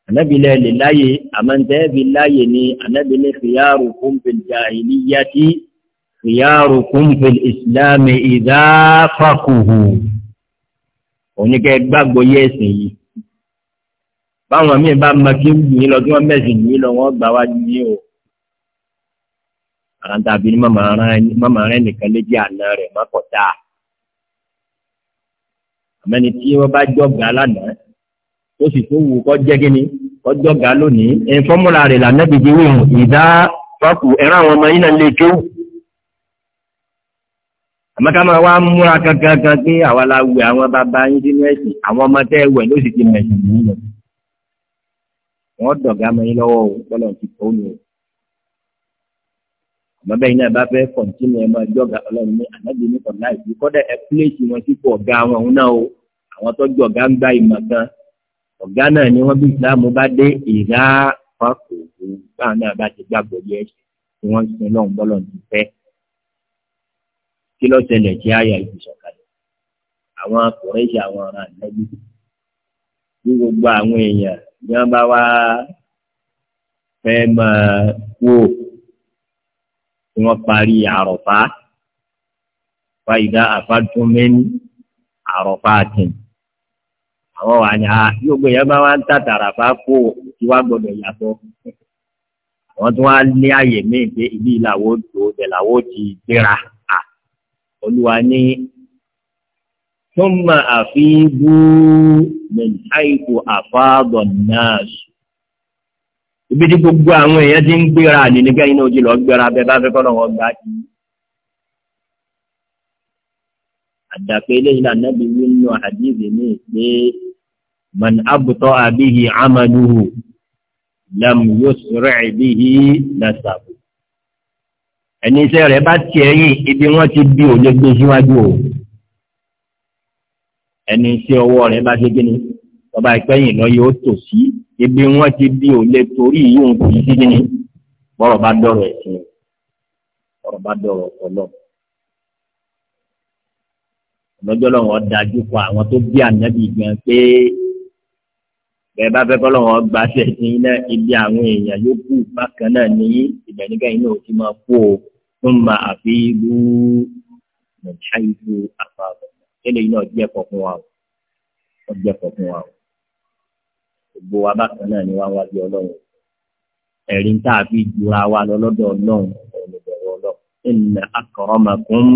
Speaker 1: anábìlẹ̀ lè láàyè àmọ́ ń bí láàyè ni anábìlẹ̀ fìyàrù fún bẹ̀jà khiyarukum fil islami idha faquhu oníkẹ́ gbàgbọ́ yé ẹ̀sìn yìí báwọn míì bá mọ kí yìí lọ kí wọ́n mẹ́sìn yìí lọ wọ́n gbà wá ní o àrántà bíi mọ́mọ́ rẹ nìkan léjì àná rẹ̀ mọ́kọ̀tà àmẹ́ni tí wọ́n bá jọ̀gá lánàá ó sì tó wù kọ́ jẹ́ kínní kọ́ jọ̀gá lónìí ẹ̀ fọ́múlà rẹ̀ lànà bìbí wíwọ̀n ìdá fọ́kù ẹ̀rọ àwọn ọmọ yìí náà lè kéwù àmọ́ máa wá múra kankan kan pé àwa la àwọn bàbá yín sínú ẹ̀sìn àwọn ọmọ tẹ́ ẹ ló sì ti mẹ̀sìn yìí lọ. wọ́n dọ̀gá mọ yín lọ́wọ́ o bọ́lá ti tó ni o. àmọ́ bẹ́ẹ̀ náà bá fẹ́ kọ̀ǹtínú ẹ̀ máa jọ́gà ọlọ́run ní ànágbé ní kọ̀ọ̀lá ìdí kọ́dà ẹ pílẹ̀sì wọn sípò ọ̀gá wọn òun náà o àwọn tọ́jú ọ̀gá kí ló ṣẹlẹ̀ tí àyà yìí sọ̀kalẹ̀ àwọn akọ̀rẹ́sì àwọn ará ànábì bí gbogbo àwọn èèyàn ní wọn bá wá fẹ́ máa wò tí wọ́n parí àrọ̀fá fàyídá àfàtúmẹ́ni àrọ̀fá àtìn àwọn wà ní a gbogbo èèyàn bá wá ń tàtàrà bá kó tí wàá gbọdọ̀ yàtọ̀ àwọn tí wọ́n á ní àyè míì pé ìdí ìlàwó tó ìdẹ̀làwó ti gbéra olúwa ní túmọ̀ àfihàn min haythu afada an-nas. ibi tí gbogbo àwọn èèyàn ti ń gbéra àdínníkẹ́ iná ojú lọ gbéra bẹ́ẹ̀ bá fẹ́ kọ́ lọ́wọ́ gbá sí i. àdàpé eléyìí náà nàbí nínú àdìsí ní pé man abta'a bihi amaluhu lam yusri' bihi nasabu ẹni iṣẹ́ rẹ̀ bá tiẹ̀ yìí ibi wọ́n ti bí òye gbé síwájú o ẹni iṣẹ́ ọwọ́ rẹ̀ bá ṣe gíní ọba ìpẹ́yìn lọ yóò tò sí ibi wọ́n ti bí òye torí yóò ti sí gíní bọ́rọ̀ bá dọ̀rọ̀ ẹ̀sìn bọ́rọ̀ bá dọ̀rọ̀ ọ̀pọ̀lọ́ lọ́jọ́ lọ́wọ́ dájú kọ àwọn tó bí ànábì gan pé bẹ́ẹ̀ bá fẹ́ kọ́lọ́wọ́ gbaṣẹ́ sí ibi àwọn èèyàn yókù bákan náà ní ìbẹ̀nìkẹ́yìn náà ti máa kú o thumma afidu min haythu afada eléyìí náà jẹ́ ẹ̀kọ́ fún wa o wọ́n jẹ́ ẹ̀kọ́ fún wa o gbogbo wa bákan náà ni wá wá bí ọlọ́run ẹ̀rí ń tà bí jura wa lọ́lọ́dọ̀ ọlọ́run ọ̀rọ̀ ìbẹ̀rù ọlọ́run inna akramakum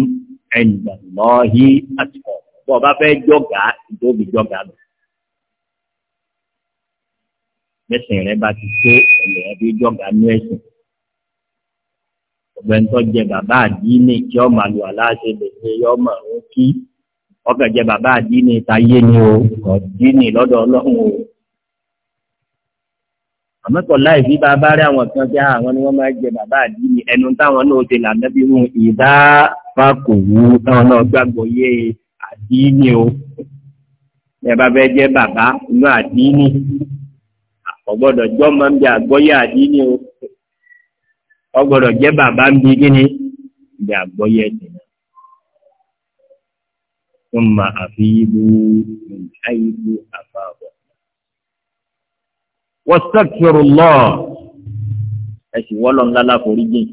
Speaker 1: inda Allahi atqakum bọ́ ọba fẹ́ jọ̀gá ìdóbi jọ̀gá lọ. mẹ́sìn rẹ bá ti tó ẹ̀lẹ́yìn bí jọ̀gá nú ẹ̀sìn ọ̀gbẹ́ntọ́ jẹ bàbá àdínì kí ọmọ àlù aláṣẹ lèṣe yọmọ òun kí ọkàn jẹ bàbá àdínì táyé ni o ọ̀dínì lọ́dọ̀ ọlọ́run o. àmọ́tọ̀ láì fi bàbá rẹ̀ àwọn kan jẹ́ àwọn ni wọ́n máa jẹ bàbá àdínì ẹnu táwọn náà ṣe lànà bí wọn ìdá fàkòwú táwọn náà gbàgbọ́ yé àdínì o. ẹ bá fẹ́ jẹ́ bàbá inú àdínì ọ̀gbọ́dọ̀ jọ́ máa ń bẹ àgbọ́yé àdínì o. ọgbọ́dọ̀ jẹ́ bàbá ń bí gíní ìdí àgbọ́yé ẹ̀sìn náà wọ́n ma àfihìbú ìhàyìbú àfààbọ̀. wọ́n sẹ́kìrù lọ ẹ̀sìn wọ́lọ̀ ńlá láforíjìn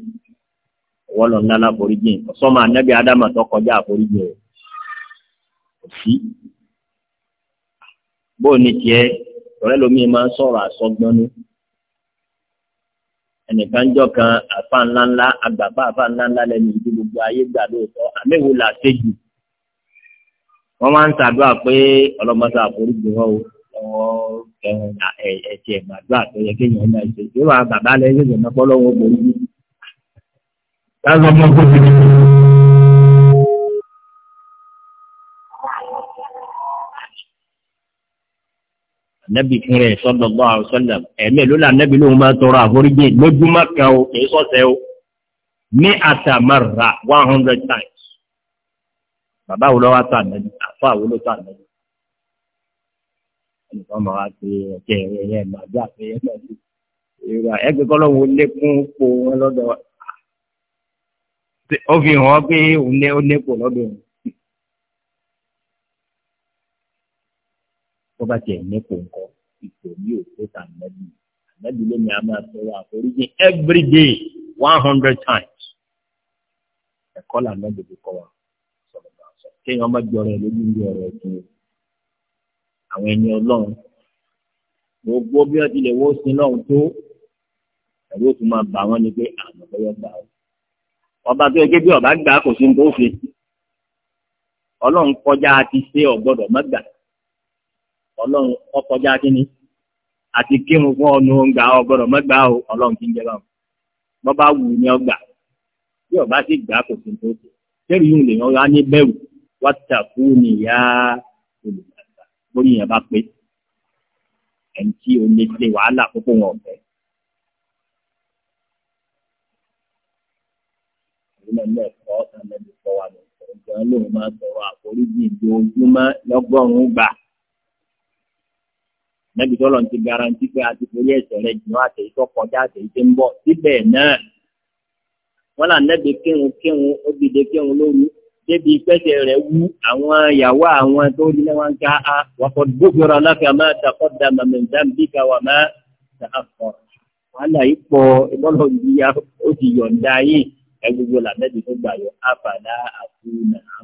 Speaker 1: wọ́lọ̀ ńlá láforíjìn ọ̀sọ́mọ anábì ádámà tó kọjá àforíjìn rẹ̀ kò sí. ní tiẹ̀ ọ̀rẹ́ lomi máa ń sọ̀rọ̀ àsọgbọ́nú. So ẹnìkan jọ kan àfa ńláńlá àgbàfà àfa ńláńlá lẹnu ìdí gbogbo ayé gbà lóòótọ́ àmẹ́wò là séjù wọ́n máa ń ṣàdúrà pé ọlọ́mọdé àforíjì wọn o ọwọ́ ẹ̀tì ẹ̀gbàdúrà tó yẹ kéèyàn náà ṣe ìwà bàbá lẹ́yìn ìgbìmọ̀ pọ́lọ́wọ́ gbòógì. láti ọmọ gbòógì ànábì fún rẹ̀ sallallahu alaihi wasallam ẹ̀mẹ́ ló là ànábì lóun máa tọrọ àforíjì lójúmọ́ kan o èyí sọ̀sẹ̀ o ní àtàmárà one hundred times bàbá wo ló wá tó ànábì àfọ àwọn ló tó ànábì ẹnìkan máa wá pé ẹ̀jẹ̀ ẹ̀yẹ máa bí àpẹyẹ náà sí ìrà ẹgbẹ́ kọ́ lọ́wọ́ lékún po wọn lọ́dọ̀ ó fi hàn pé ó lépo lọ́dọ̀ wọn. bá tiẹ̀ ní kò ń ipò ní òkú tànàbí ànábì lómi a máa tọrọ àforíjì every day one hundred times ẹ̀kọ́ làná gbèdé kọ́ wa sọ̀rọ̀ bá sọ kéèyàn má jọrọ ẹ̀ lójú ní ọ̀rọ̀ ẹ̀dùn àwọn ẹni ọlọ́run gbogbo bí wọ́n ti lè wó sí náà tó ẹ̀rọ tó máa bà wọ́n ni pé àmọ́ bẹ́yọ̀ gbà ó ọba tó yẹ kí ọba gbà kò sí ní tó fi ọlọ́run kọjá ti ṣe ọ̀gbọ́dọ̀ má gbà á ọlọ́run ọkọjá kínní àti kírun fún ọnu ọgbà ọgbọ́dọ̀ mẹ́gbà o ọlọ́run kí ń jẹba o bọ́bá wù ní ọgbà tí ọba sì gbà kò sí tó tó kẹrì yìí lèèyàn wá ní bẹ̀rù wátàkù nìyá olùgbàgbà lórí yẹn bá pé ẹni tí o lè ṣe wàhálà àkókò wọn ọ̀fẹ́. ìlú ẹ̀kọ́ ọ̀sán lẹ́nu sọ wà lóṣù ọ̀gbọ́n lòun máa sọ̀rọ̀ àforíjì ìjọ ojúmọ́ gbà nẹ́bi tọ́lọ̀ ti garanti pé àti torí ẹ̀sẹ̀ rẹ̀ jù àti èyí tó kọjá àti èyí tó ń bọ̀ síbẹ̀ náà wọ́n là nẹ́bi kírun kírun ó dìde lóru débi pẹ́sẹ̀ rẹ̀ wú àwọn ìyàwó àwọn tó ní wọn ká a wọ́n kọ́ gbófinra láfíà máa takọ́ da màmìǹdà bí ká wà má ta àkọ́ wàhálà yìí pọ̀ ìbọ́lọ̀ ìyá ó ti yọ̀ǹda yìí ẹ gbogbo là nẹ́bi tó gbà yọ àfàdá àti nàá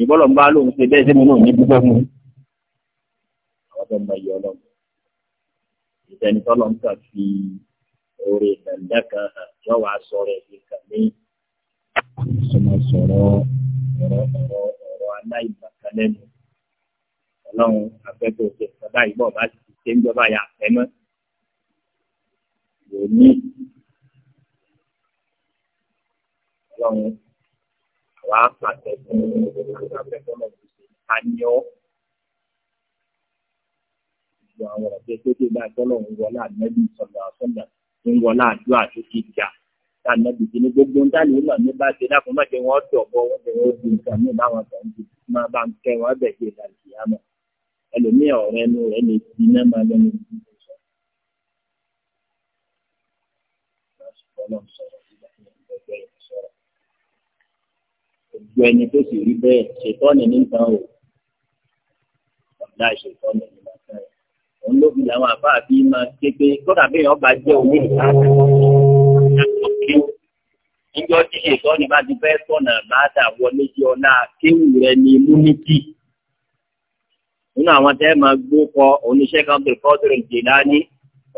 Speaker 1: ìbọ́lọ̀ ń àwọn tó mọ iye ọlọ́run ìtẹni tọ́lọ̀ ń kà fi oore dàndá kan hàn yọ wá sọ̀rọ̀ ẹ̀sìn kan ní ìsọmọ sọ̀rọ̀ ọ̀rọ̀ ọ̀rọ̀ ọ̀rọ̀ aláìbàkálẹ́nu ọlọ́run afẹ́fẹ́ òkè bàbá ìbọ̀ bá ti ṣe ń jọba yà fẹ́mọ́ yóò ní ọlọ́run wàá pàṣẹ fún ọ̀rọ̀ afẹ́fẹ́ náà ti ṣe ká ní ọ́ gbogbo àwọn ọ̀rọ̀ pé pé bá tọ́lọ̀ ń wọlá nẹ́bí sọ̀rọ̀ àsọ̀dà ń wọlá àjọ àti kíjà tá nẹ́bí ti gbogbo ńdá lè ní bá ṣe dákun má ṣe wọ́n dọ̀bọ̀ wọ́n ṣe wọ́n di nǹkan ní báwọn kan ti máa bá ń kẹ́ wọ́n bẹ̀ ṣe ìlànà ìyàmọ̀ ẹlòmíì ọ̀rẹ́ nu rẹ̀ lè ti iná máa lẹ́nu ìgbẹ́ ẹni tó sì rí bẹ́ẹ̀ ṣètọ́ni nígbà wo ọ̀dà ìṣètọ́ni ní òun ló fi làwọn àbá àbí máa ké pé kódà bí èèyàn bá jẹ́ òní ìta níjọ́ tí ṣètò ní bá ti fẹ́ sọ̀nà bàtà wọlé sí ọ̀la kéwù rẹ ní múnítì nínú àwọn tẹ́ máa gbó kọ oníṣẹ́ kan bẹ̀rẹ̀ fọ́tòrò Jilani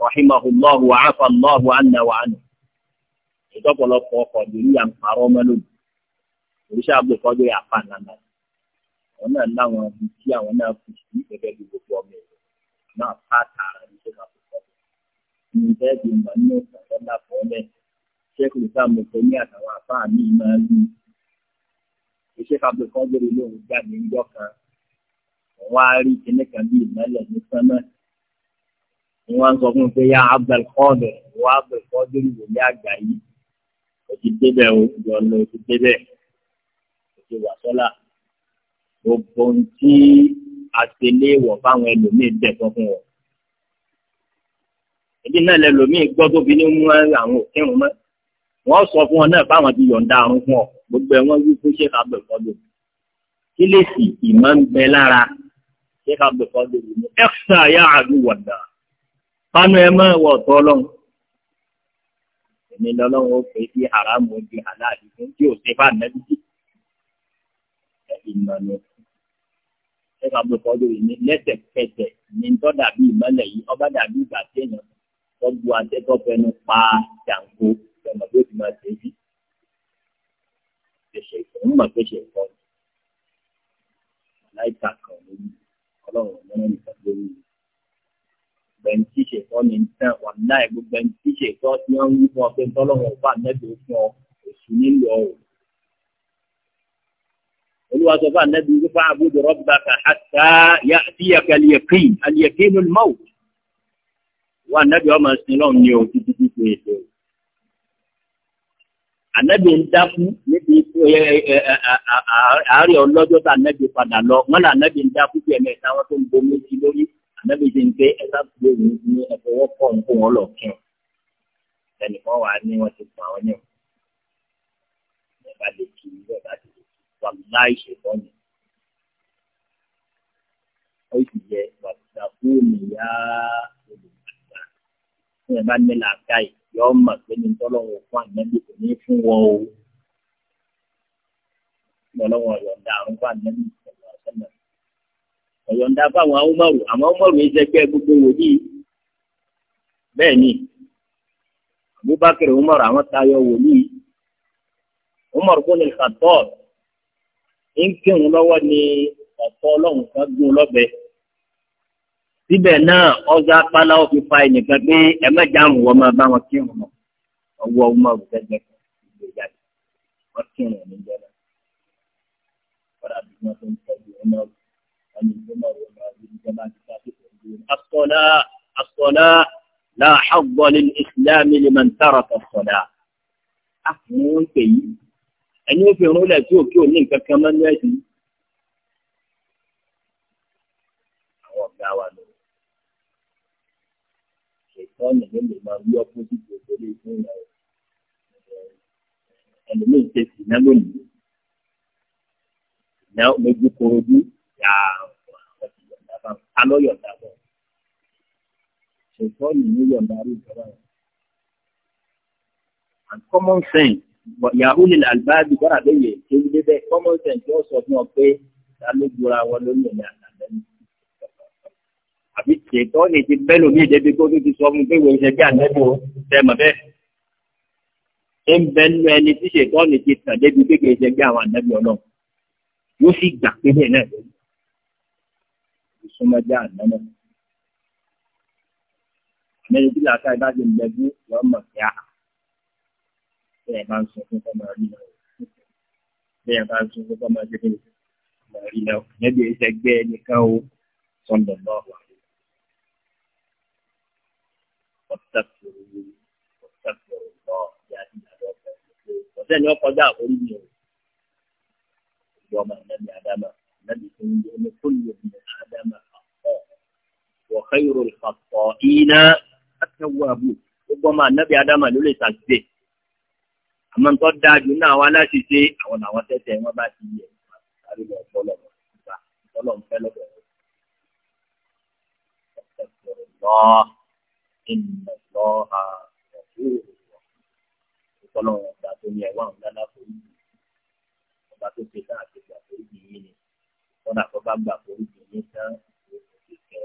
Speaker 1: rahimahullahu wa afa allahu anna wa anhu ìtọ́pọ̀lọpọ̀ ọkọ̀ lórí àǹfààrọ̀ mẹ́lòdì oníṣẹ́ àbẹ̀kọ́jọ́ yà pa nàlá àwọn náà láwọn ibi tí àwọn náà fi sí gẹ́gẹ́ bí gbogbo ọmọ ẹ̀ náà fà tààrà ní sọ́dọ̀ àkọ́kọ́. ǹjẹ́ bí màá ní ìpàdé lápò ọ̀lẹ́ ṣẹ́kù ìta mọ̀tò ní àtàwọn afá mi máa ń lù. iṣẹ́ fàbí kan lórí lóhùn jáde ń yọ kan wọ́n á rí kíní kan bí ìmọ̀lẹ̀ ní sánmọ́. wọ́n sọ fún un pé yá Abdul Qadir wọ́n Abdul Qadir wòlé àgbà yìí kò ti débẹ̀ o ìjọ lọ kò ti débẹ̀ kò ti wà sọ́là gbogbo ohun tí àtẹléwọ̀ fáwọn ẹlòmíì dẹ̀kọ́ fún wọn. èyí náà lẹlòmíì gbọ́ tó fi ní mú àwọn òkèrún mọ́ wọ́n sọ fún ọ náà fáwọn ti yọ̀ǹda àrùn fún ọ gbogbo ẹ̀ wọ́n wí fún ṣé kábẹ̀ fọ́dọ̀ kí lè sì ìmọ̀ ń bẹ lára ṣé kábẹ̀ fọ́dọ̀ yìí ní ẹ̀fṣà yá àdúwọ̀dà pánú ẹ mọ́ ẹ̀wọ̀ ọ̀tọ̀ ọlọ́run èmi lọ́lọ́run ó pè sí haramu di aláàbí fún tí ò ṣe bá nẹ́bí ìmọ̀ lọ́wọ́ ẹ̀ka àbùkọ́dọ̀ yìí ní lẹ́sẹ̀kẹsẹ̀ ní tọ́ dàbí ìmọ̀lẹ̀ yìí ọba dàbí ìgbà tí èèyàn tọ́ bu atẹ́tọ́ fẹnu pa jàǹkó ìjọba tó ti máa tẹ̀lé ṣẹṣẹ ìfọ̀n mọ̀ pé ṣe ìfọ̀n aláìka kan lórí ọlọ́run ọ̀nà nìkan lórí gbẹ̀ntì ṣètọ́ ní tán wà láì gbẹ̀ntì ṣètọ́ tí wọ́n ń wí fún ọ olúwa sọ fún anabi wípé abudu rabbaka hatta ya'tiyaka al-yaqin al-yaqin al-mawt wọ́n anabi ọmọ sin lọ́wọ́ ní o títí tí kò èso. anabi ń dákú níbi àárẹ̀ ọlọ́jọ́ tá anabi padà lọ wọ́n lọ anabi ń dákú bí ẹ̀mẹ́ táwọn tó ń bo méjì lórí anabi ti ń pé ẹ̀ka tó ń ní ẹ̀fọwọ́pọ̀ ń wọn lọ kí wọn wàláì ṣètọ́ ni. ó sì yẹ wàtúntà fóònù yá olùgbàgbà fún ẹ ní làákà yìí mà pé ní tọ́lọ́wọ́ fún àgbẹ̀bí kò ní fún wọn o. tọ́lọ́wọ́ yọ̀ǹda àrùn fún àgbẹ̀bí ìṣẹ̀lẹ̀ ọ̀sẹ̀lẹ̀. ọ̀yọ̀ǹda fáwọn ọmọrù àmọ́ ọmọrù yìí ṣe pé gbogbo wòlíì bẹ́ẹ̀ ni Abubakar Umar àwọn tayọ wòlíì Umar kò ní Khattab ń kírun lọ́wọ́ ni ọ̀pọ̀ ọlọ́run kan gún lọ́bẹ. síbẹ̀ náà ọjà pálá ó fi fa ẹnìkan pé ẹ mẹ́jà ń wọ́n máa bá wọn kírun lọ ọwọ́ ọmọ òkútẹ́gbẹ́ kan ìgbé jáde wọ́n kírun ní jẹ́rẹ́ kọ́dà bí wọ́n tó ń tọ́jú ọmọ wọn ni ìgbé náà wọ́n máa rí ìjọba ti ká sí ìgbé asọ́lá asọ́lá la haqqo lil islam liman taraka as-salah àfihàn pè yìí ẹni ó fi irun lẹ̀ tí òkè òní nǹkan kan máa ń lẹ́sí. àwọn ọ̀gá wa lọ ṣètò ọ̀nà ló lè máa wí ọkùnrin tí kò tó lè fún ẹni ló ń ṣe ìná lónìí ìná lójú korojú yà àwọn ti yọ̀ǹda fún un alọ́ yọ̀ǹda fún ṣètò ọ̀nà ló yọ̀ǹda rí ìjọba yẹn and common sense yahoo lè àlùbáàbí bọ́ra bẹ́ẹ̀ yẹ kéwú débẹ̀ common sense yóò sọ fún ọ pé ta ló gbóra wọn lórí ẹ̀yà àtàlẹ́nu. àbí tètọ́ ni ti bẹ́ẹ̀ lómi ìdẹ́bí kó tó ti sọ fún pé wọ́n ṣe bí àtẹ́bí o tẹ́ mọ̀ bẹ́ẹ̀. ń bẹ nínú ẹni tí ṣètọ́ ni ti tàn débi pé kìí ṣe bí àwọn àtẹ́bí ọlọ́ yóò sì gbà pé bẹ́ẹ̀ náà lórí ìsúnmọ́já àná náà. àmẹ́ni tí làákà ìbá ti ń bẹ fún lọ́mọ̀ kíá bí ẹ bá ń sunkún kọ́ máa rí náà bí ẹ bá ń sunkún kọ́ máa rí náà máa rí náà níbi ìṣe gbé ẹnìkan o sọ̀dọ̀ náà wà. ọ̀sẹ̀ ni wọ́n kọjá àkórí mi o ìjọ ọmọ ìnáni àdámà ìnáni tó ń yẹ kó lè ní àdámà àpọ̀ wọ̀kẹ́ ìròyìn àpọ̀ ìná àtẹwọ́ àbú gbogbo ọmọ ìnáni àdámà ló lè ṣàgbé àmọ́ ń tọ́ dáa jù náà wá láti ṣe àwọn làwọn tẹ́tẹ́ wọn bá ti yẹ àrí lọ bọ́lọ̀ nípa bọ́lọ̀ ń fẹ́ lọ́dọ̀ lọ ìnà lọ àtọ̀wò ìfọlọ́ ọ̀gá tó ní ẹ̀wọ̀n ńláńlá forí yìí ọba tó ṣe náà ti gbà forí yìí ni kọ́nà tó bá gbà forí yìí ní tán ìwé ti kẹ́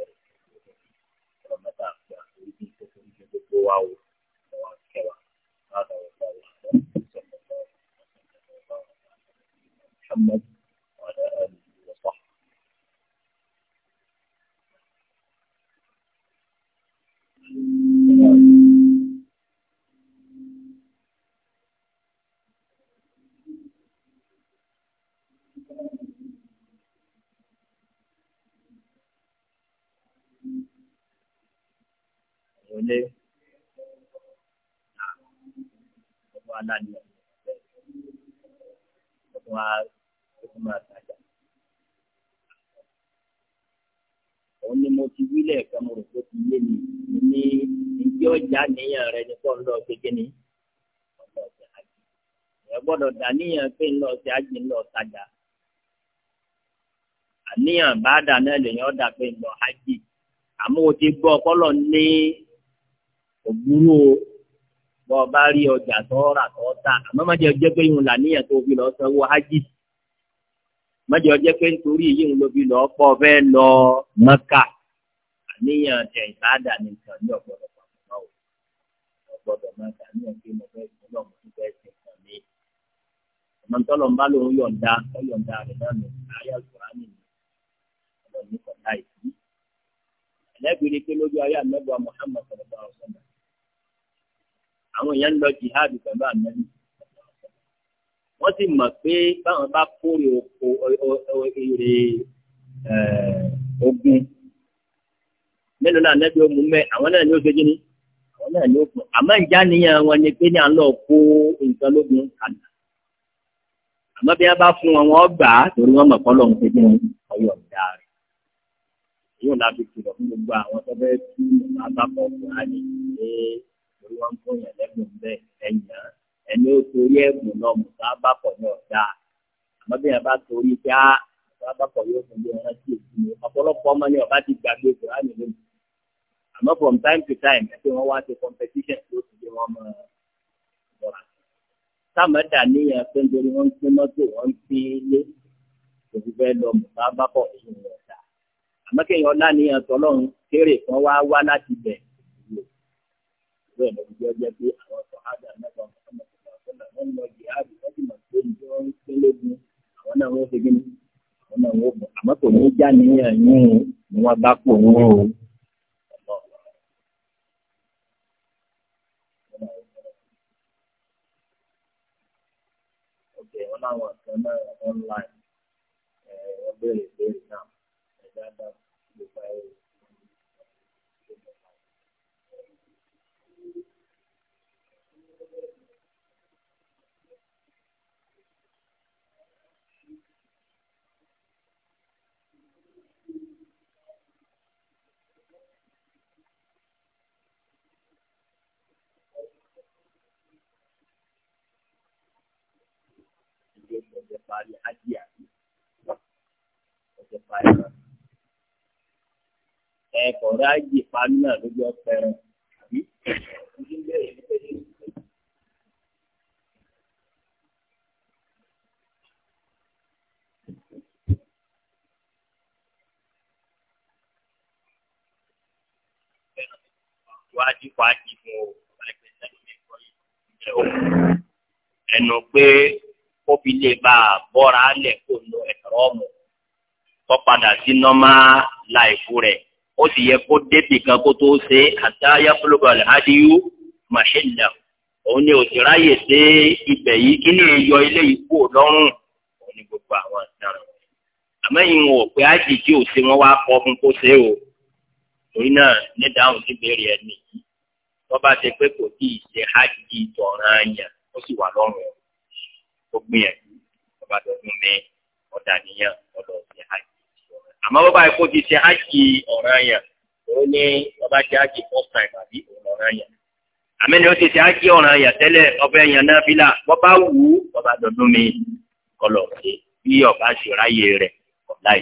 Speaker 1: ọ̀rọ̀ mẹ́ta gbà forí yìí tó forí yìí tó kó wa o ọ̀wà kẹwàá láàárọ̀ ọ̀gá wa. محمد وعلى آله وصحبه Thank you. wá láàyè ọ̀tún wá ọ̀tún máa tajà. òun ni mo ti wí lẹ́ẹ̀kan mo rò pé ti yé mi ní ìjọ ọjà níyàn rẹ ní kọ́ ń lọ gbégbé ni ọ̀nà ọ̀sẹ̀ àjì ẹ̀ gbọ́dọ̀ dà níyàn pé ńlọ ọ̀sẹ̀ àjì ńlọ tajà àníyàn bá dà náà lèyàn ọ̀dà pé ńlọ àjì àmọ́ o ti gbọ́ ọpọlọ ní òbúrò bọ́ ọba rí ọjà tó rà tó tà àmọ́ má jẹ́ ọjẹ́ pé ìhun làníyàn tó fi lọ sanwó hajj má jẹ́ ọjẹ́ pé nítorí ìyíhun ló fi lọ pọ̀ fẹ́ lọ Mẹ́kà àníyàn tẹ̀ ìbáàdà nìkan ní ọ̀gbọ́dọ̀ pàmò ọ̀gbọ́dọ̀ Mẹ́kà ní ọ̀gbẹ́ mọ̀fẹ́ ìpínlẹ̀ ọ̀mọ̀ tó fẹ́ ṣe kàn mí. àmọ́ tọ́lọ̀ ń bá lòun yọ̀ǹda ó yọ̀ǹda rẹ̀ náà nù Muhammad sọ̀rọ̀ bá ọ̀sán àwọn èèyàn lọ jihad pẹ̀lú ànábì wọ́n sì mọ̀ pé báwọn bá kórè oko èrè eh, ogun mélòó náà ànábì ó mú mẹ́ àwọn náà ni ó ṣe jí ni àwọn náà ni ó kù àmọ́ ìjà nìyẹn wọn ni pé ní à ń lọ kó nǹkan lógun kàdà àmọ́ bí wọ́n bá fún wọn wọ́n gbà á torí wọ́n mọ̀ kọ́ lọ́hùn ṣe jí ni ọyọ̀ ọ̀dà rẹ̀ yóò láti kìlọ̀ fún gbogbo àwọn tó fẹ́ tú àbábọ̀ fún àyè pé wọ́n ń bóyá lẹ́bùn bẹ́ẹ̀ ẹ̀yàn ẹni ó torí ẹ̀bùn náà mùsà bá pọ̀ ní ọ̀dà àmọ́ bí yẹn bá torí pé ah, á mùsà bá yóò fún mi ọ̀rán sí èsì mi ọ̀pọ̀lọpọ̀ ọmọ ni ọba ti gbàgbé kùránì lónìí àmọ́ from time to time ẹ̀sìn wọn wá ṣe competition tó ti di wọn mọ́ ọ̀rọ̀ táwọn ẹ̀dá níyàn pé nítorí wọ́n ń pín mọ́tò wọ́n ń pín ilé fẹ́ lọ mùsà bá pọ̀ èyí ni ọ̀dà àmọ́ kéèyàn ọlá níyàn tọ́lọ́run kéré kan wá wá láti bẹ̀rẹ̀ bẹ́ẹ̀ lọ́dún jẹ́ jẹ́ pé àwọn sọ̀hádà mẹ́ta ọ̀sán ọ̀sán wọn lọ jihad wọ́n sì mọ̀ pé ìjọ ń pín lógun àwọn náà wọ́n ṣe gíní ni wọ́n bá pò ń rò. wọ́n láwọn kan online ẹ̀ wọ́n béèrè béèrè náà ẹ̀ dáadáa ló pa ẹ̀rọ. parí ájí àti ọjọ́ parí náà. ẹ kọ̀ọ̀rọ̀ ájí parí náà lójú ọ̀pẹ rẹ̀ wájú wájú fún o kó fi lè bá a bọ́ra lẹ̀ kó lo ẹ̀rọ mu kó padà sí nọ́mà láìfù rẹ̀ ó sì yẹ kó débì kan kó tó ṣe àtàyà fúlùbọ̀lù ádìyú màṣẹ́lẹ̀ òun ni òsì ráyè dé ibẹ̀ yìí kí ni èyọ ilé yìí kú lọ́rùn òun ni gbogbo àwọn ìdáná àmọ́ ìwọ̀n òpè àjèjì òsè wọn wá kọ́ fún kó ṣe o torí náà ní dáhùn sí ìbéèrè ẹni yìí wọ́n bá ṣe pé kò tí ì ṣe hajj tọ̀ràn àyàn ó sì wà lọ́rùn ẹ̀ kó gbìyànjú ọba tó fún mi ọ̀dà níyàn ọ̀dọ̀ ṣe hajj. àmọ́ bọ́bá ikú ti ṣe hajj ọ̀ràn yẹn ó ní bọ́bá ṣe hajj first time àbí ọ̀ràn yẹn. àmì ni ó ti ṣe hajj ọ̀ràn yẹn tẹ́lẹ̀ ọbẹ̀ yẹn náà fi là bọ́bá wù ú bọ́bá dọ̀dún mi kọlọ̀ ṣe bí ọba ṣe ráyè rẹ̀ ọ̀ láì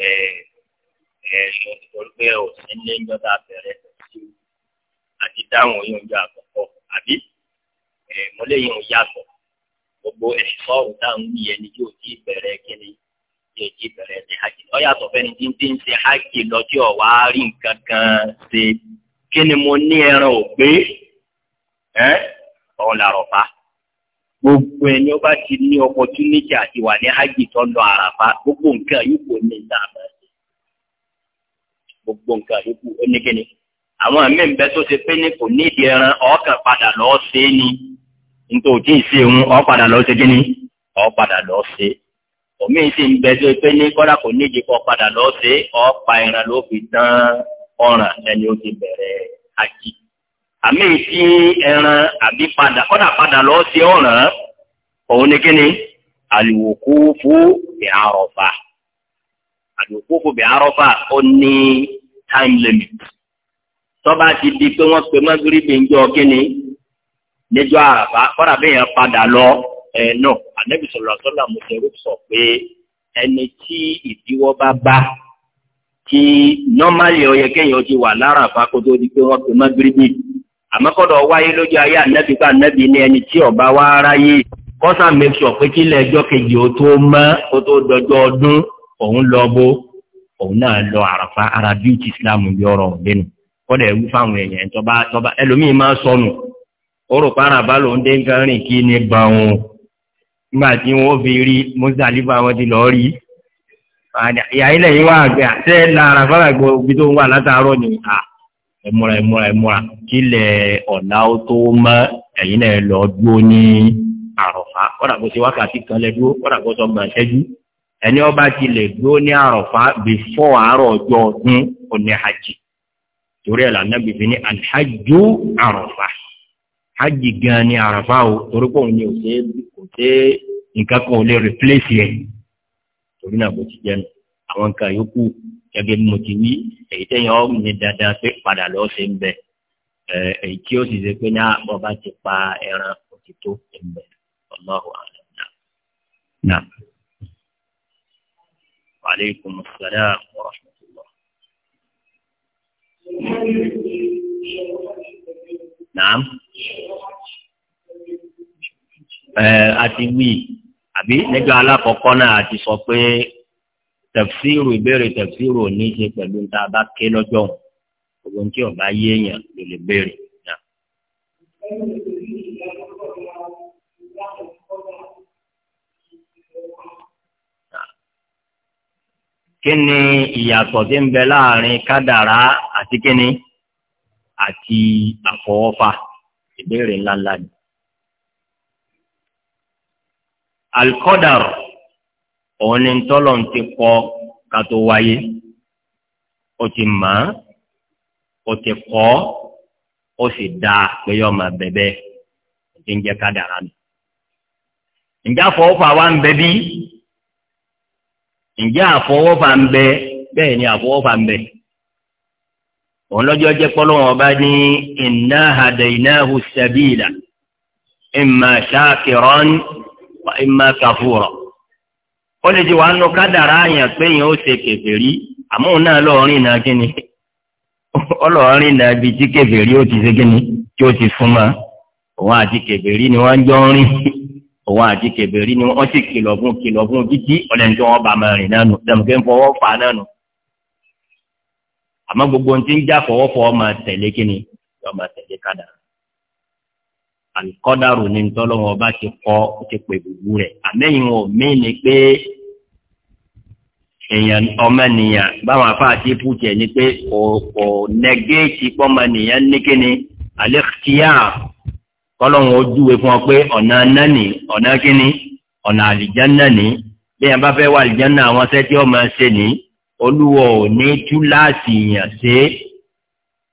Speaker 1: ẹ ẹ lórí pé òsín lé ń jọta bẹ̀rẹ̀ sí àti dáhùn oyún oúnjẹ àkọ́kọ́ àbí ẹ mọ́lẹ́yìn yàtọ̀ gbogbo ẹ̀ṣọ́ ọ̀dáhùn yẹn ni yóò ti bẹ̀rẹ̀ kíni yóò ti bẹ̀rẹ̀ ṣe hajj ọ yàtọ̀ fẹ́ni tí ń ti ń ṣe hajj lọ́jọ́ wa rí nǹkan kan ṣe kí ni mo ní ẹran ò gbé ẹ ọ̀làrọ̀ pa. gbogbo ẹni ọba ti ní opportunity àti wà ní hajj tó àràfà gbogbo nǹkan yìí ní gbogbo nǹkan àwọn ń bẹ tó ṣe pé ní kò ní ìdí ẹran ọkàn padà ni nítorí tí ì ọ padà ṣe ọ padà ṣe òmí sì ń bẹ tó ṣe pé ní kọ́dà kò ọ pa ló fi tán ọ̀ràn ẹni ó ti àmì ìtí ẹran àbí padà kọ́dà padà lọ sí ọ̀ràn òun ni kíni àlùwòkú fún ìhàrọ̀fà àlùwòkú fún ìhàrọ̀fà ó ní time limit tọ́ba ti di pé wọ́n pe mọ́gíríbì ń jọ kíni níjọ́ àràfà kọ́dà bí yẹn padà lọ ẹ̀ náà ànábì sọ̀rọ̀ sọ́là mùsùlùmí sọ pé ẹni tí ìdíwọ́ bá bá tí nọ́màlì ó yẹ wà láràfà kó tó di pé wọ́n pe mọ́gíríbì àmọ́kọ́dọ̀ wáyé lójú ayé ànábì ká ànábì ní ẹni tí ọba wa ráyè kọ́sà make sure pé kílẹ̀ ẹjọ́ kejì ó tó mọ́ ó tó dọjọ́ ọdún òun lọ bó òun náà lọ àràfà ara bíútì islam bí ọrọ̀ lẹ́nu kọ́dà ẹ̀wú fáwọn èèyàn tọ́ba tọ́ba ẹlòmíín máa sọnù ó rò pa àràbá lòun dé nǹkan rìn kí ni bá wọn nígbà tí wọn fi rí mùsàlífà wọn ti lọ rí ìyá ilẹ̀ yìí wà àgbẹ̀ àtẹ́ lára fáwọn àgbẹ̀ òbí tó ń wà látàárọ̀ nìyà ẹmúra ẹmúra ẹmúra kílẹ̀ ọ̀nà ó tó mọ́ ẹ̀yìn náà lọ dúó ní àrọ̀fá kọ́dà kó ṣe wákàtí kan lẹ dúó kọ́dà kó sọ gbọ̀n ṣẹ́jú ẹni ọba ti lè dúó ní àrọ̀fá bìfọ́ àárọ̀ ọjọ́ ọdún òní hajj torí ẹ̀ lànà bìbí ní alhajjú àrọ̀fá hajj gan ni àrọ̀fá o torí pé òun ni kò ṣe nǹkan kan ò lè replace ẹ̀ torí náà bó ti jẹ́ àwọn nǹkan yòókù gẹ́gẹ́ bí mo ti wí èyí tẹ́yìn ọ́ ní dandan pé padà lọ́ọ́ ṣe ń bẹ̀ èyí tí ó sì ṣe pé náà bọ́ba ti pa ẹran òtítọ́ ń bẹ̀ Allahu a'lam náà. وعليكم السلام ورحمة الله نعم àti wí àbí nígbà alákọ̀ọ́kọ́ náà àti sọ pé tafsiru ìbéèrè tafsiru ò ní í ṣe pẹ̀lú tá a bá ké lọ́jọ́ òun tí ọba yéèyàn ló lè béèrè kí ni ìyàtọ̀ tí ń bẹ láàrin kádàrá àti kíni àti àfọwọ́fà ìbéèrè ńláńlá ni. alkọ́dàrọ̀ òun ni ntọ́lọ̀ ti kọ ká tó wáyé ó ti mọ̀ ó ti kọ́ ó sì dá a pé yọ ọmọ bẹ̀bẹ̀ ó ti ń jẹ́ ká dára nù. ǹjẹ́ àfọwọ́fà wa ń bẹ bí? ǹjẹ́ àfọwọ́fà ń bẹ bẹ́ẹ̀ ni àfọwọ́fà ń bẹ òun lọ́jọ́ jẹ́ pọ́lọ́wọ́n ọba ní inna hadaynahu sabila imma shakiran wa imma kafura ó lè ti wà nù kádàrá àyàn pé yẹn ó ṣe kèfèrí àmọ́ òun náà lọ́ọ̀rìn náà kíni ọlọ́ọ̀rìn náà ibi tí kèfèrí ó ti ṣe kíni tí ó ti fún ma òun àti kèfèrí ni wọ́n jọ rìn òun àti kèfèrí ni wọ́n kìlọ̀ fún kìlọ̀ fún títí tí wọ́n bá máa rìn náà nù dẹ̀mùkẹ́ ń fọwọ́ fà náà nù àmọ́ gbogbo ohun ń já fọwọ́fọwọ́ máa tẹ̀lé alikọ́dàrú ni ntọ́lọ́wọ́ bá ti kọ́ ó ti pè gbogbo rẹ̀ àmẹ́yìn wọn mí ni pé èèyàn ọmọnìyàn báwọn afáàtì pùtì ẹ̀ ni pé kò kò nẹgẹ́ẹ̀tì pọ́mọnìyàn ní kíni alẹ́kìtìyà kọ́lọ́wọ́n ó júwe fún ọ pé ọ̀nà nani ọ̀nà kíni ọ̀nà àlìjánná nani? bí yẹn bá fẹ́ wà àlìjánná àwọn sẹ́tí ọmọ ṣe ni olúwo ò ní túláàsì yàn ṣe é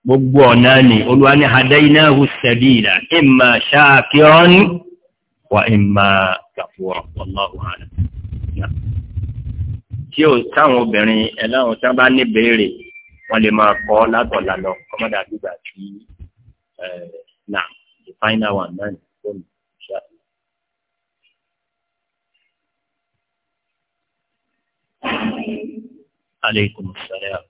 Speaker 1: gbogbo ọ̀nà ni olúwa ní hadaynahu sabila imma shakiran wa imma kafura wallahu a'lam tí ó táwọn obìnrin ẹ̀láwọn tí wọ́n bá ní béèrè wọ́n lè máa kọ́ látọ̀lá lọ kọ́mọ́dà gbígbà tí na the final one náà ní fóònù ṣáà. Aleykum salaam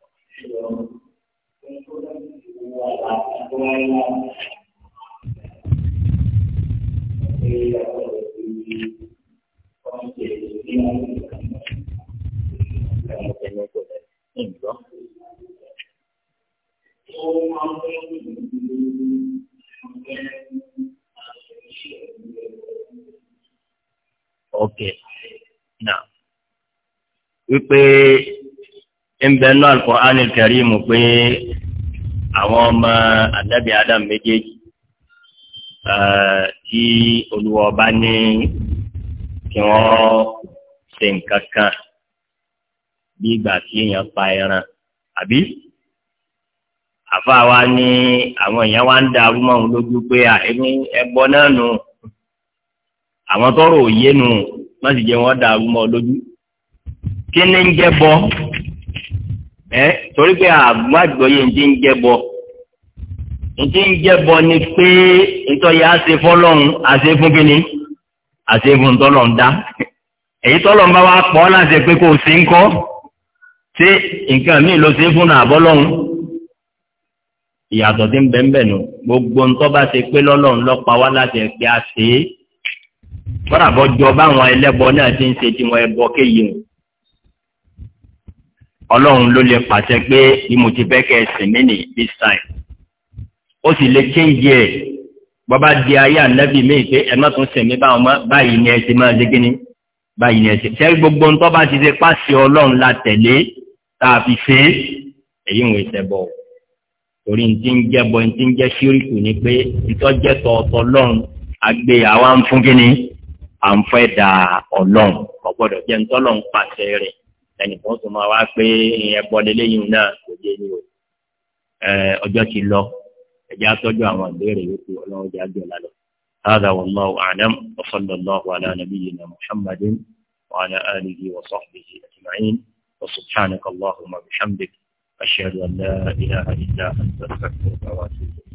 Speaker 1: wípé ń bẹ náà Al-Qur'an Al-Karim pé àwọn ọmọ ànábì adam méjèèjì eh, tí olúwa ọba ní kí wọ́n ṣe nǹkan kan bí ìgbà tí èèyàn pa ẹran àbí àfa wa ní àwọn èèyàn wá ń da arúmọ òun lójú pé ẹni ẹgbọ náà nù àwọn tọrọ òye nù má sì jẹ wọn da arúmọ lójú kí ni ń jẹ bọ ẹ torí pé àgbàgbọ́yé ń ti ń jẹ́bọ ń ti ń jẹ́bọ ni pé nítorí àṣẹ fọlọ́run àṣẹ fún kínní àṣẹ fún tọ́lọ̀ ń dá èyí tọ́lọ̀ ń bá wa pọ̀ láṣẹ pé kò sí ń kọ́ ṣé nǹkan míì ló ṣe fún náà àbọ́lọ́run ìyàtọ̀ tí ń bẹ ń bẹ nù gbogbo ńtọ́ bá ṣe pé lọ́lọ́run lọ́pa wá láti ẹ̀pẹ́ àṣẹ kọ́dà bọ́jọ́ báwọn ẹlẹ́bọ náà ti ń ṣe tiwọn ẹbọ kéyìí ọlọ́run ló lè pàṣẹ pé bí mo ti fẹ́ kẹ́ ẹ sìn mí nì this time ó sì lè change ẹ̀ bọ́bá di ayé ànábì míì pé ẹ má tún sìn mí báwọn mọ́ báyìí ni ẹ ti máa ṣe kíni báyìí ni ẹ ti ṣe gbogbo ń tọ́ bá ti ṣe pàṣẹ ọlọ́run la tẹ̀lé tá a fi ṣe é èyí ń wò ṣẹ bọ̀ torí ní ti ń jẹ́ bọ̀ ní ti ń jẹ́ ṣíríkù ni pé ìtọ́jẹ́ tọ̀ọ̀tọ̀ ọlọ́run àgbè àwa ń fún kíni à ń fẹ́ da ọlọ́run ọ̀gbọ́dọ̀ jẹ́ ń tọ́lọ́run pàṣẹ rẹ̀ ẹnìkan tó máa wá pé ẹbọ lélẹyìn náà kò yé ni o ọjọ́ ti lọ ẹjẹ atọjú àwọn ìbéèrè yòókù Ọlọ́run jẹ àjọ lálọ. هذا والله أعلم وصلى الله على نبينا محمد وعلى آله وصحبه أجمعين وسبحانك اللهم وبحمدك أشهد أن لا إله إلا أنت أستغفرك وأتوب إليك